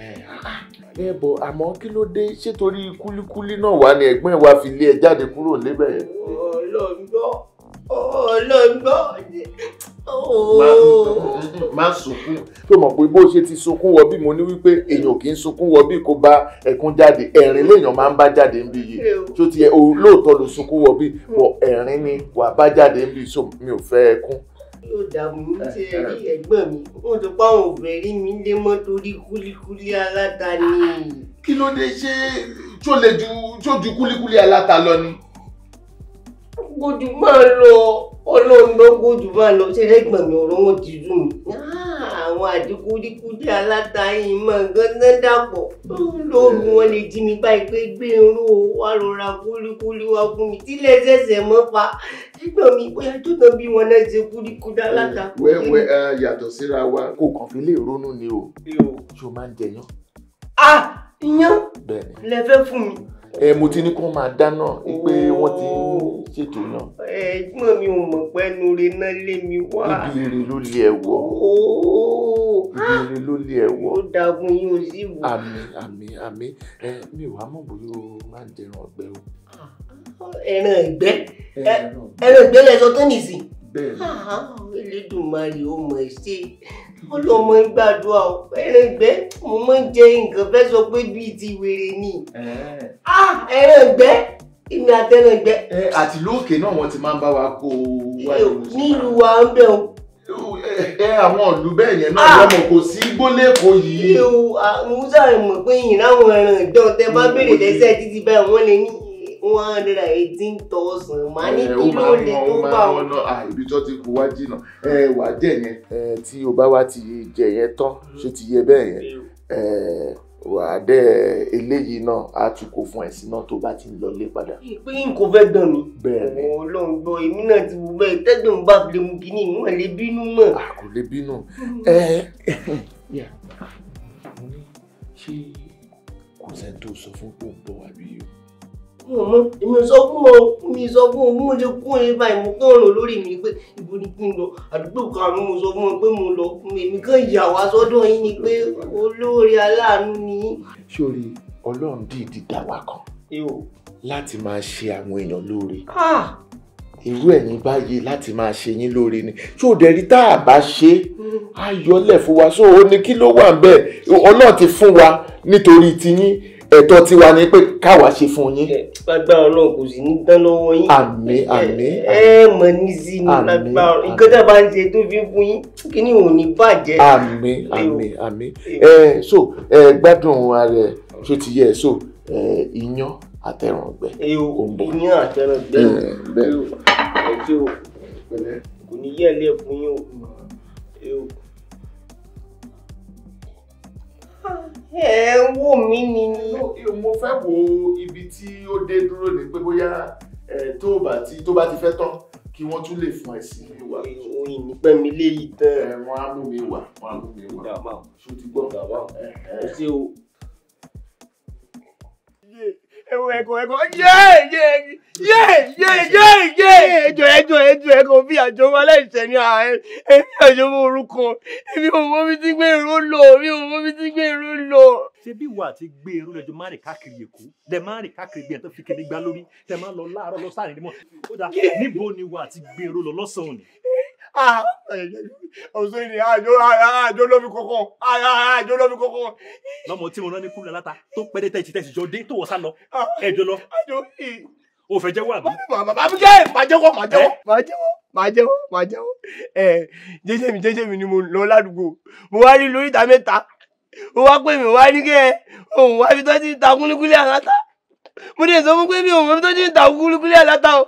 ẹ ah, ah. bọ̀ àmọ́ kí ló dé ṣé torí kúlíkúlí náà wà ní ẹ̀gbọ́n ẹ̀ fi lé ẹ jáde kúrò níbẹ̀. ọlọ́ọ̀dọ́ ọlọ́gbọ́n ni. má sunkún tó mọ̀ pé bó ṣe ti sunkún wọbí mo ní wípé èèyàn kì í sunkún wọbí kó bá ẹkún jáde ẹ̀rín léèyàn máa ń bá jáde níbí yìí tó ti yẹ lóòótọ́ ló sunkún wọbí mm. bọ̀ ẹ̀rín ni wàá bá jáde níbí so mi ò fẹ́ ẹkún yóò dààmú tí ẹ rí ẹ̀gbọ́n mi wọn tó pa àwọn òbẹ rí mi lé mọ torí kúlíkúlí aláta ni. kí ló dé ṣe tó le ju tó ju kúlíkúlí aláta lọ ni gbójú lọ ọlọ́run ló lọ ṣe lẹ́gbọ̀n mi ọ̀rọ̀ wọn ti dùn mí. àwọn àdínkùdíkùdí alátayín máa gángan dàpọ̀ lóru wọn lè jí mi báyìí pé gbé irú wa rọra kúlíkúlí wa fún mi tílẹ̀ ṣẹ̀ṣẹ̀ mọ́ pa ẹgbẹ́ mi bóyá tó tán bí wọn náà ṣe kúlíkúdí alátakùn. wẹ́wẹ́ yàtọ̀ síra wa kò kàn fi lè ronú ni o ṣó máa ń jẹyàn. ah iyán lẹ fẹ́ fún mi. ẹ mo ti ní kó máa dáná pé wọ́n ti ń ṣètò náà. ẹ̀gbọ́n mi ò mọ̀ pé ẹnu rẹ̀ náà lé mi wá. ibi ire ló lé ẹ wọ. ibi ire ló lé ẹ wọ. ó dagun yín o sí wò. àmì àmì àmì ẹ mi ò wá mọ̀ bóyá o máa ń jẹran ọ̀gbẹ́ o. Ah, ah, ẹran ìgbẹ́ ẹran ìgbẹ́ lẹ sọ tó nìsín. Elédùmarè ó mọ̀ ẹ́ ṣe ọlọ́mọ ń gbàdúrà ọ ẹran ìgbẹ́ mo máa ń jẹ nǹkan fẹ́ sọ pé bíi ti wèrè ni ah, ẹran ìgbẹ́ èmi àtẹran ìgbẹ́. àti lóòkè náà wọ́n ti máa ń bá wa kó wá nílùú wa ń bẹ̀ o. ẹ àwọn ìlú bẹ́ẹ̀ yẹn náà lọ́mọ ah! kò sí gbólẹ́kọ̀ọ́ yìí. mo sáré mọ̀ pé ìyìn láwọn ẹran ìdán tẹ bá béèrè lẹ́sẹ̀ títí báyìí wọ́n lè ní one hundred eighteen thousand máa ní eh, kí ló lè tó bá wọn. ibi tó ti kó wá jìnnà ẹ wàá jẹ yẹn tí o bá wá ti jẹ yẹn tán mm. ṣó ti yẹ bẹ́ẹ̀ yẹn wàá dẹ eléyìí náà á tún kó fún ẹsìn náà tó bá ti ń lọlé padà. pé n kò fẹ́ dán mi. bẹ́ẹ̀ni Ọlọ́run gbọ́ èmi náà ti wù bẹ́ẹ̀ tẹ́gbọ̀n bá fi lè mú kínní ìmọ̀ lè bínú mọ̀. a kò lè bínú. ẹ ẹ ṣé kò sẹ́ni tó sọ fún pòǹpọ̀ àbí o mo mọ èmi sọ fún ọ mi sọ fún ọ mo ṣe kún ẹ báyìí mo kàn ràn lórí mi pé ibo ni kí n lọ àdúgbò karùn mo sọ fún ọ pé mo lọ èmi kàn yà wá sọ́dọ̀ yín ni pé olóore aláàánú ni. sórí ọlọ́run dìídì dá kan láti máa ṣe àwọn èèyàn lóore irú ẹ̀yin báyìí láti máa ṣe yín lóore ni ṣó dẹ̀ rí tá a bá ṣe á hmm. yọlẹ̀ fún wa ṣó o ní kí ló wà ń bẹ̀ ọlọ́run ti fún wa nítorí tiyín ẹ̀tọ́ tiwa ni pé káwa ṣe fún yín. lágbára Ọlọ́run kò sì ní dán lọ́wọ́ yín. àmín àmín. ẹ mọ ní sí ní lágbára nǹkan tá a bá ń ṣe tó fi fún yín kí ni òun ní bàjẹ́. àmín àmín àmín ẹ so ẹ gbádùn ara ẹ ṣó ti yẹ so ẹ iyán àtẹràngbẹ. iyán àtẹràngbẹ ẹ ṣe o kò ní yẹ ẹ lẹ yín o ẹ wò mí ni. mo fẹ́ wo ibi tí ó dé dúró ní pé bóyá tó bá ti tó bá ti fẹ́ tán kí wọ́n tún lè fún ẹ sí mi wá. oyin nípa mi léyìí tán. ẹ wọn á mú mi wá wọn á mú mi wá. ṣó ti gbọ́. ṣé o ẹwọ ẹkọ ẹkọ yéé yéé yéé yéé yéé yéé ẹjọ ẹjọ ẹjọ ẹkọ bí àjọmọ aláìṣẹ̀ ní ààrẹ ẹbí àjọmọ orúkọ ẹbí òmò mi ti gbé irú lọ ẹbí òmò mi ti gbé irú lọ. ṣé bí ìwọ àti gbé irú lẹjọ má rìn káàkiri èkó lẹ má rìn káàkiri gbìyànjú tó fi kéde gbá lórí tẹ má lọ láàárọ̀ lọ sáà nídìí mọ kódà níbo ni ìwọ àti gbé irú lọ lọ́sàn-án Ah, eh, eh, eh, ọ̀sẹ̀ ni àjò ah, àjò ah, lómi kankan àjò lómi kankan. lọ́mọ tí mo rán ní kúrò láta tó pẹ́ dé tẹ̀sí tẹ̀sí jọ dé tó wọ́n sá lọ ẹ̀jọ lọ. o fẹ́ jẹ́wọ́ àbí. bàbá mi jẹ́ màá jẹ́wọ́ màá jẹ́wọ́ màá jẹ́wọ́ màá jẹ́wọ́ màá jẹ́wọ́ ẹ̀ jẹ́jẹ́ mi jẹ́jẹ́ mi ni mo lọ ládùúgbò mo wá rí lóríta mẹ́ta ó wá pè mí wá ní kẹ́ ẹ òun wá fi tọ́jú ta kúlíkúlí àláta mo dẹ̀ sọ fún pé mi òun fi tọ́jú ta kúlíkúlí àláta o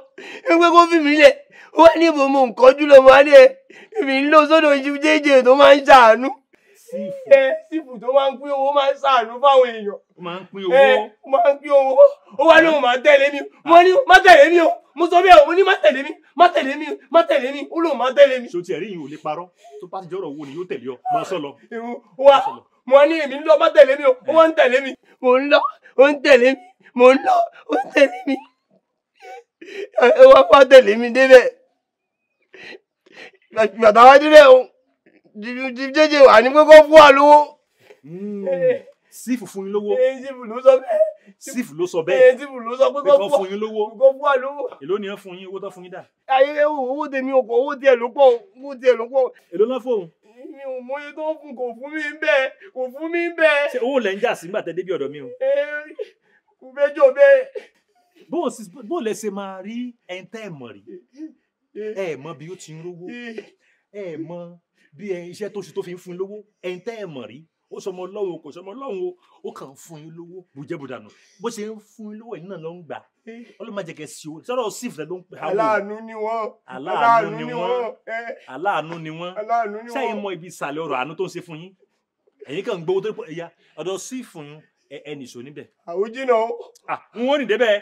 ń pẹ́ kó fi mí lẹ̀ wọ́n ní ìbò mo nǹkan jùlọ mo wá ní ẹ eh, èmi ń lọ sọ́dọ̀ jíjẹ tó máa ń ṣàánú ẹ eh, sífù tó máa ń pín owó máa ń ṣàánú fáwọn èèyàn máa ń pín eh, owó máa ń pín owó ó wá lóun máa tẹ̀lé mi mo ní má tẹ̀lé mi o mo sọ bí ẹ mo ní má tẹ̀lé mi má tẹ̀lé mi má tẹ̀lé mi ó lóun máa tẹ̀lé mi. so ti ẹ̀rí yìí ò lè parọ́ tó bá ti jọ́rọ̀ owó ni yóò tẹ̀lé ọ máa sọ lọ. wa mo ní èmi mi o ó mi mo ń mi mo ń mi ẹ wá mi débẹ̀ bàtà wá dílé o jìbìtì jẹjẹ wà ní kókó fún wa lówó. Hmm, sífù fún yín lówó eh, sífù ló sọ bẹ́ẹ̀ sífù ló sọ bẹ́ẹ̀ eh, sífù ló sọ pé kó fún yín lówó kó fún wa lówó. èló ni wọ́n fún yín owó tó fún yín dà. ayé owó tèmi ò pọ̀ owó tiẹ̀ ló pọ̀ owó tiẹ̀ ló pọ̀. èló náà fóun mi ò mọye tó fún kò fún mi bẹ́ẹ̀ kò fún bó o lẹ ṣe máa rí ẹni tẹ́ ẹ̀ mọ̀ rí ẹ eh. mọ bí ó ti ń rówó eh. ẹ mọ bí iṣẹ́ tó ṣe tó fi ń fún lówó ẹ̀ ń tẹ́ ẹ̀ mọ̀ rí ó sọmọ ọlọ́run kò sọmọ ọlọ́run ó kàn fún yín lówó bùjẹ́bùdànù bó ṣe ń fún yín lówó yìí náà ló ń gbà ọlọ́màjẹ̀kẹ̀ eh. sí o sọ́dọ̀ sif rẹ̀ ló ń pè á aláàánú ni wọ́n aláàánú ni wọ́n aláàánú ni wọ́n sẹ́yìn mọ ibi ìsàlẹ̀ ọ̀rọ̀ àánú tó ń ṣe fún yín ẹ̀yin kàn gbowó tó ń pọ̀ ẹ̀yà ọ̀dọ̀ sif yín àwùjínà o. n ó nì débẹ̀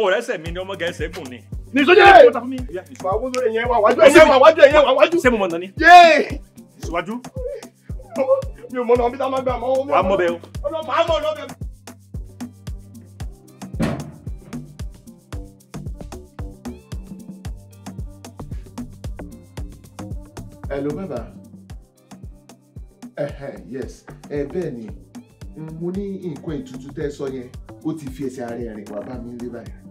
ọ̀rẹ́sẹ̀ mi ni ọmọ gẹ̀ẹ́sẹ̀ gùn ni ní sọ́jà lè fi ọ̀tà fún mi. wà á wọ́n ẹ̀yẹ wà wájú ẹ̀yẹ wà wájú ẹ̀yẹ wà wájú. ṣé mo mọ̀ nani. yéé. síwájú. mi ò mọ̀ náà bí táwọn máa gbé àmọ́. o. yes ẹ eh, bẹ́ẹ̀ ni mo ní nǹkan ìtutù tẹ́ sọ yẹn ó ti fi ẹsẹ̀ ara ẹ̀ rìn wá bá mi lé báyìí.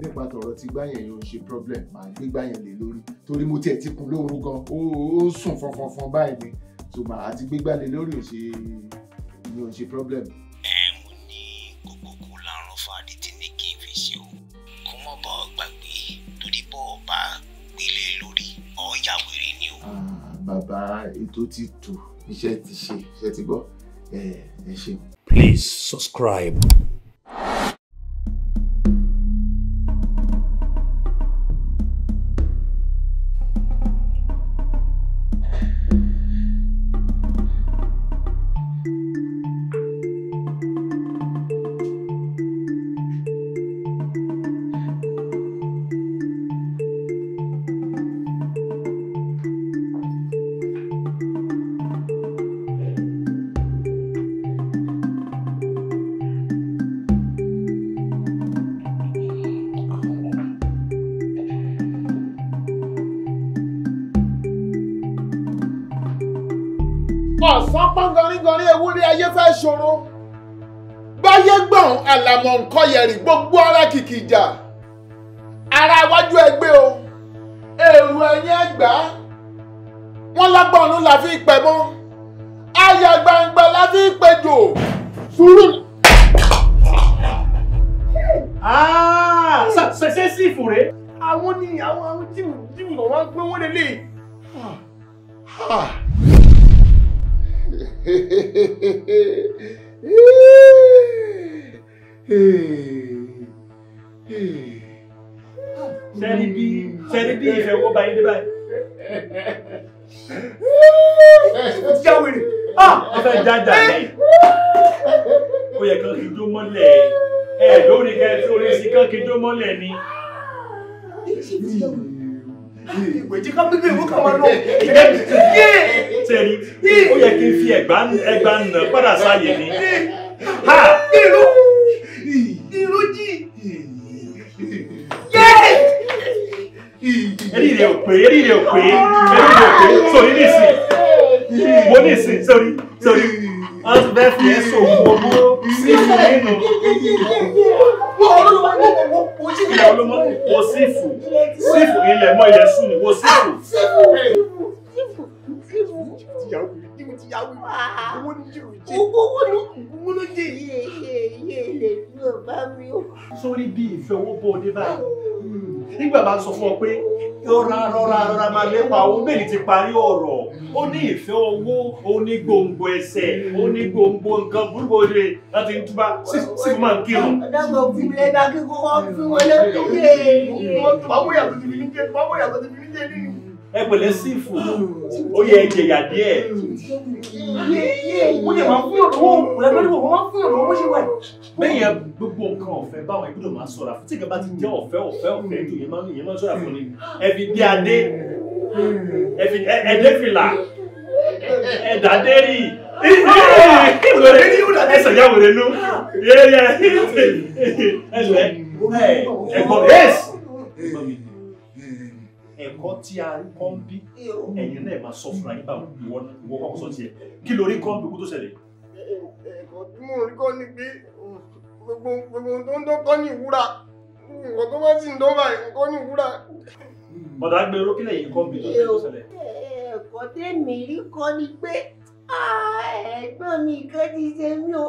nípa tọ̀rọ̀ ti gbá yóò ṣe problem màá gbé gbá yẹn lórí torí mo tiẹ̀ ti kun lóorun gan ó sùn fọnfọnfọn báyìí ni so màá ti gbé gbá lórí ò ni ò ṣe problem. ẹ mo ní kókókó lárùn fún àdìtì ní kí n fi ṣe o kó mọ̀ bá gbàgbé torí bọ́ ọ bá gbélé lórí ọ wèrè ni o. Ah, bàbá ètò ti tù iṣẹ́ ti ṣe iṣẹ́ ti gbọ́ ẹ ṣeun. Please subscribe. àwọn nǹkan yẹ̀rì gbogbo ara kìkì ìjà ara iwájú ẹgbẹ́ o èrò ẹ̀yìn ẹgbà wọ́n lágbọ̀nù la fi pẹ̀ mọ́ àyà gbangba la pẹ̀ jò sùúrù. bẹ́ẹ̀ fi ẹ́ sòwò owó sí ìfún nínú. Ìyá olómọ wo sífù sífù ilẹ̀ mọ́ ilẹ̀ sùn ni wo sífù. Sórí bí ìfẹ́ owó bọ́ ọdẹ báyìí nígbà bá sọ fún ọ pé rọra rọra rọra máa lépa owó bẹ́ẹ̀ni ti parí ọ̀rọ̀ ó ní ìfẹ́ owó ó ní gbòǹgbò ẹsẹ̀ ó ní gbòǹgbò nǹkan burúkú rẹ̀ láti túbá sí fún máa kírun. ọ̀dọ́gbọ̀n fún mi lẹ́dá kíkọ́ fún wọlé tó yé wọ́n tún bá wọ́yà tó ti fi ní jẹ́ bá wọ́yà tó ti fi ní jẹ́ nínú ẹ pẹ̀lẹ́ sífù ó yẹ ẹ jẹ̀yà díẹ̀. mo yẹ máa ń fún yàn lówó lẹ́gbẹ̀rún mo máa ń fún yàn lówó bó ṣe wà. bẹ́ẹ̀ gbogbo nǹkan ọ̀fẹ́ báwọn ìgbọ́dọ̀ máa sọ̀rọ̀ àfi tí ìjọba ti jẹ́ ọ̀fẹ́ ọ̀fẹ́ ọ̀fẹ́ tó yẹ máa ń yẹ máa sọ̀rọ̀ fún ni ẹ̀fì dé adé ẹ̀dẹ́ fìlà ẹ̀dá dé rí ẹsẹ̀ yà wèrè nú ẹ̀ẹ́dẹ́ ẹ̀gbọ́n yẹ́sì ẹ̀kọ́ tí a kọ́ ń bí ẹ̀yin náà máa sọ fúnra yín báwo ìwọ ìwọ kọ́kọ́ sọ tiẹ̀ kí lórí kọ́ ń bí kó tó ṣẹlẹ̀. ẹ̀kọ́ tí mo rí kọ́ ni pé gbogbo gbogbo tó ń dọ́kọ́ ní ìwúra nǹkan tó bá sì ń dọ́ba nǹkan ní ìwúra. bọ̀dà gbèrò kílẹ̀ yìí kọ́ ń bí tó ṣẹlẹ̀. ẹ̀kọ́ tèmi rí kọ́ ni pé ẹ̀gbọ́n mi kan ti ṣe mí o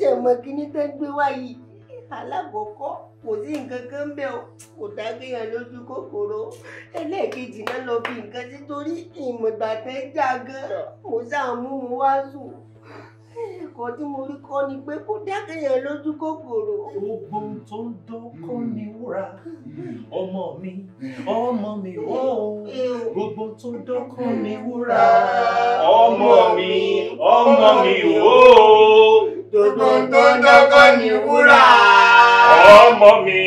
ṣe mọ̀ kí ni tẹ́ gbé wá yìí alábọ̀kọ́ kò sí nǹkan kan bẹ́ẹ̀ o kò dágbéyàn lójú kòkòrò ẹlẹ́ẹ̀kejì náà lọ fi nǹkan sí torí ìmọ̀ ìbàtẹ́ já gan mo ṣàmú mo wá sùn ẹ̀kọ́ tí mo rí kọ́ ni pé kó dákéyàn lójú kòkòrò. gbogbo ohun tó ń dán kọ́ ni wúrà ọmọ mi ọmọ mi ó gbogbo tó ń dán kọ́ ni wúrà ọmọ mi ọmọ mi ó gbogbo tó ń dán kọ́ ni wúrà ọmọ mi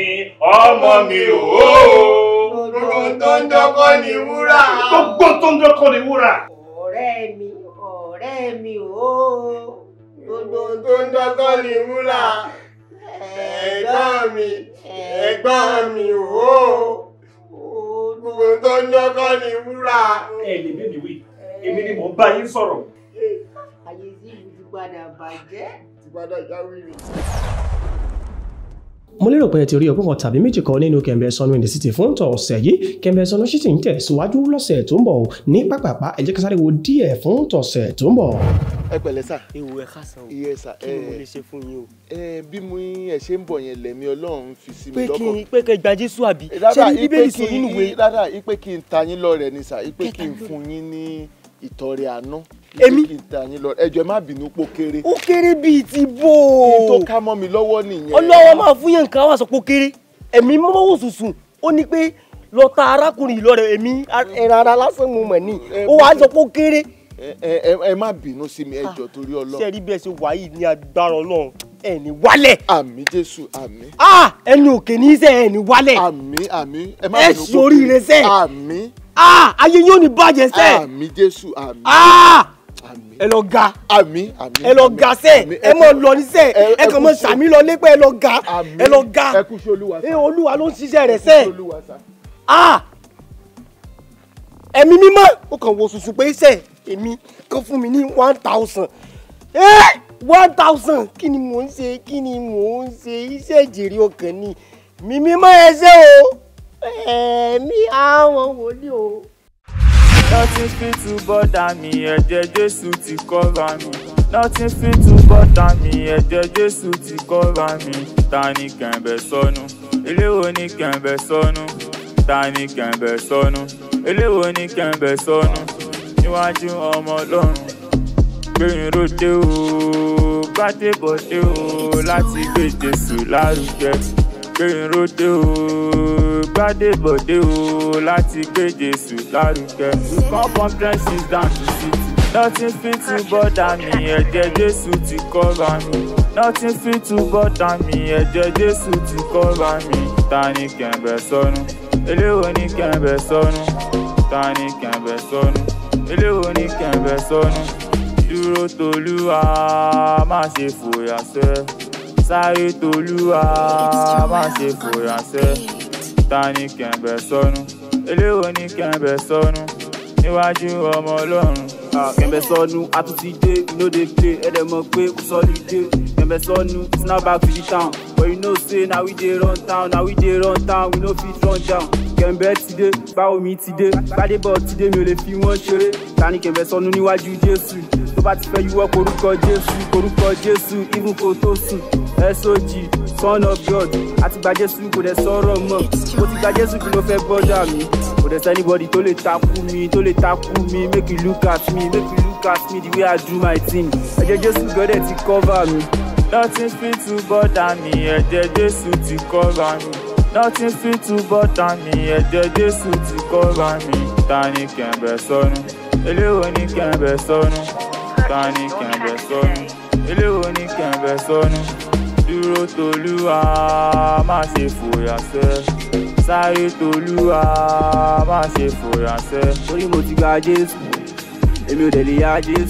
ọmọ mi ooo. gbogbo tó ń dọ́kọ́ ni wúrà. gbogbo tó ń dọ́kọ́ ni wúrà. ọ̀rẹ́ mi ọ̀rẹ́ mi ooo. gbogbo tó ń dọ́kọ́ ni wúrà. ẹ̀gbọ́n mi ẹ̀gbọ́n mi ooo. gbogbo tó ń dọ́kọ́ ni wúrà. ẹ lè bẹ́ẹ̀ wí èmi ni mò ń bá yín sọ̀rọ̀. àyè sí ti padà bàjẹ́. ti padà jáwé rè mo lérò pé ẹ ti rí ọgbọ́n kan tàbí méjì kan nínú Kẹ̀mbẹ́ Ìsọnù in the City fún tọ̀ ọ̀sẹ̀ yìí Kẹ̀mbẹ́ Ìsọnù sì ti ń tẹ̀síwájú lọ́sẹ̀ tó ń bọ̀ ní pápápá ẹ jẹ́ wo díẹ̀ fún tọ̀sẹ̀ tó ń bọ̀. ẹ pẹ̀lẹ́ sà. ewu ẹ ká san o iye sà ẹ kí ni mo lè ṣe fún yín o. ẹ bí mo ẹ ṣe ń bọ̀ yẹn lẹ̀mí Ọlọ́run fi sí mi lọ́kàn. pé kí n gba Jésù àbí ṣé ní Bíbélì sọ nínú ìwé. rárá ipe kí n ta yín lọ rẹ ìtọrẹ àánú èmi ẹjọ ẹ má bínú pó kéré. ó kéré bíi ti bó o. kí n tó ká mọ́ mi lọ́wọ́ nìyẹn. ọlọ́wọ́ máa fún yẹn nǹkan wà sọ pó kéré ẹ̀mí mọ́wọ́ sùsùn ó ní pé lọ ta arákùnrin ìlọrẹ èmi ẹran ara lásán mo mọ̀ ní ó wàá sọ pé kéré. ẹ má bínú sí mi ẹjọ torí Ọlọ́run. sẹ́ẹ̀rí bẹ́ẹ̀ ṣe wàyí ní agbára Ọlọ́run ẹ̀ ní wálẹ̀. àmín jésù àmín. a ẹnu òkè ní sẹ́ ẹ̀ ní wálẹ̀. àmín àmín ẹ má bínú kó kú ẹ sóríire sẹ́. àmín. a ayé yóò ní bàjẹ́ sẹ́. àmín jésù àmín. a ẹ lọ ga ẹ lọ ga sẹ ẹ mọ lọ ní sẹ ẹ kàn mọ sàmì lọ lépẹ ẹ lọ ga ẹ lọ ga ẹ olúwa ló ń ṣiṣẹ́ rẹ̀ sẹ a ẹ̀mí mímọ́ ó kàn wo sùsù pé sẹ kàn fún one thousand one thousand kí ni mò ń ṣe kí ni mò ń ṣe iṣẹ́ ìjèrè ọkàn ni mímí mọ́ ẹ ṣe o ẹ̀ẹ́mí àwọn wòlíì o. nothing fit to bother me ẹ̀jẹ̀ jésù ti kọ́ra mi nothing fit to bother me ẹ̀jẹ̀ jésù ti kọ́ra mi ta ni kẹ̀ǹbẹ̀ sọnù eléwo ni kẹ̀ǹbẹ̀ sọnù ta ni kẹ̀ǹbẹ̀ sọnù eléwo ni kẹ̀ǹbẹ̀ sọnù níwájú ọmọ ọlọ́run gbẹ̀yìn ló dé o gbádébọ̀dé o láti gbé Jésù lárugẹ gbẹ̀rọ̀dé o gbádébọ̀dé o láti gbé Jésù lárugẹ. we come from places down to city nothing fit to bother me ẹ̀jẹ̀ Jésù ti cover me nothing fit to bother me ẹ̀jẹ̀ Jésù ti cover me ta ni kẹ̀mbẹ̀ sọnù eléwo ni kẹ̀mbẹ̀ sọnù ta ni kẹ̀mbẹ̀ sọnù eléwo ni kẹ̀mbẹ̀ sọnù dúró tolúwa má ṣe fòyà sáré tolúwa má ṣe fòyà ta ni kẹ̀mbẹ̀ sọnù eléwo ni kẹ̀mbẹ̀ sọnù níwájú ọmọ ọlọ́run. kẹ̀mbẹ̀ sọnù àtúntì dé no dey play ẹ̀dẹ̀ mọ̀ pé kò sọ́ọ́lì dé kẹ̀mbẹ̀ sọnù snap back to the but you know say na we dey run town na we dey run town we no fit run down kẹ̀mbẹ́ ti dé báwo mi ti dé gbadébọ̀ ti dé mi ò lè fi wọ́n ṣeré ta ni kẹ̀mbẹ́ sọnù níwájú jésù bá ti fẹ́ yíwọ́ korúkọ jésù korúkọ jésù even kò tó sùn sog son of god àti gba jésù kò dẹ̀ sọ̀rọ̀ mọ́ mo ti gba jésù kí ló fẹ́ bọ́dà mi kò dẹ̀ sẹ́nibọ́dì tó lè takú mi tó lè takú mi make you look at me make you look at me the way i do my thing ẹ̀jẹ̀ jésù gbọ́dẹ̀ ti cover mi. nothing fit to bother me ẹ̀jẹ̀ jésù ti cover mi nothing fit to bother me ẹ̀jẹ̀ jésù ti cover mi ta ni kẹ̀mbẹ̀ sọnù eléwo ni kẹ̀mbẹ̀ sọnù ta ni kẹ̀mbẹ̀ sọnù eléwo ni kẹ̀mbẹ̀ sọnù dúró tolúwa má ṣe fòyà sẹ́ sáré tolúwa má ṣe fòyà sẹ́. torí mo ti gba jésù èmi ò dẹ̀ lè yá jésù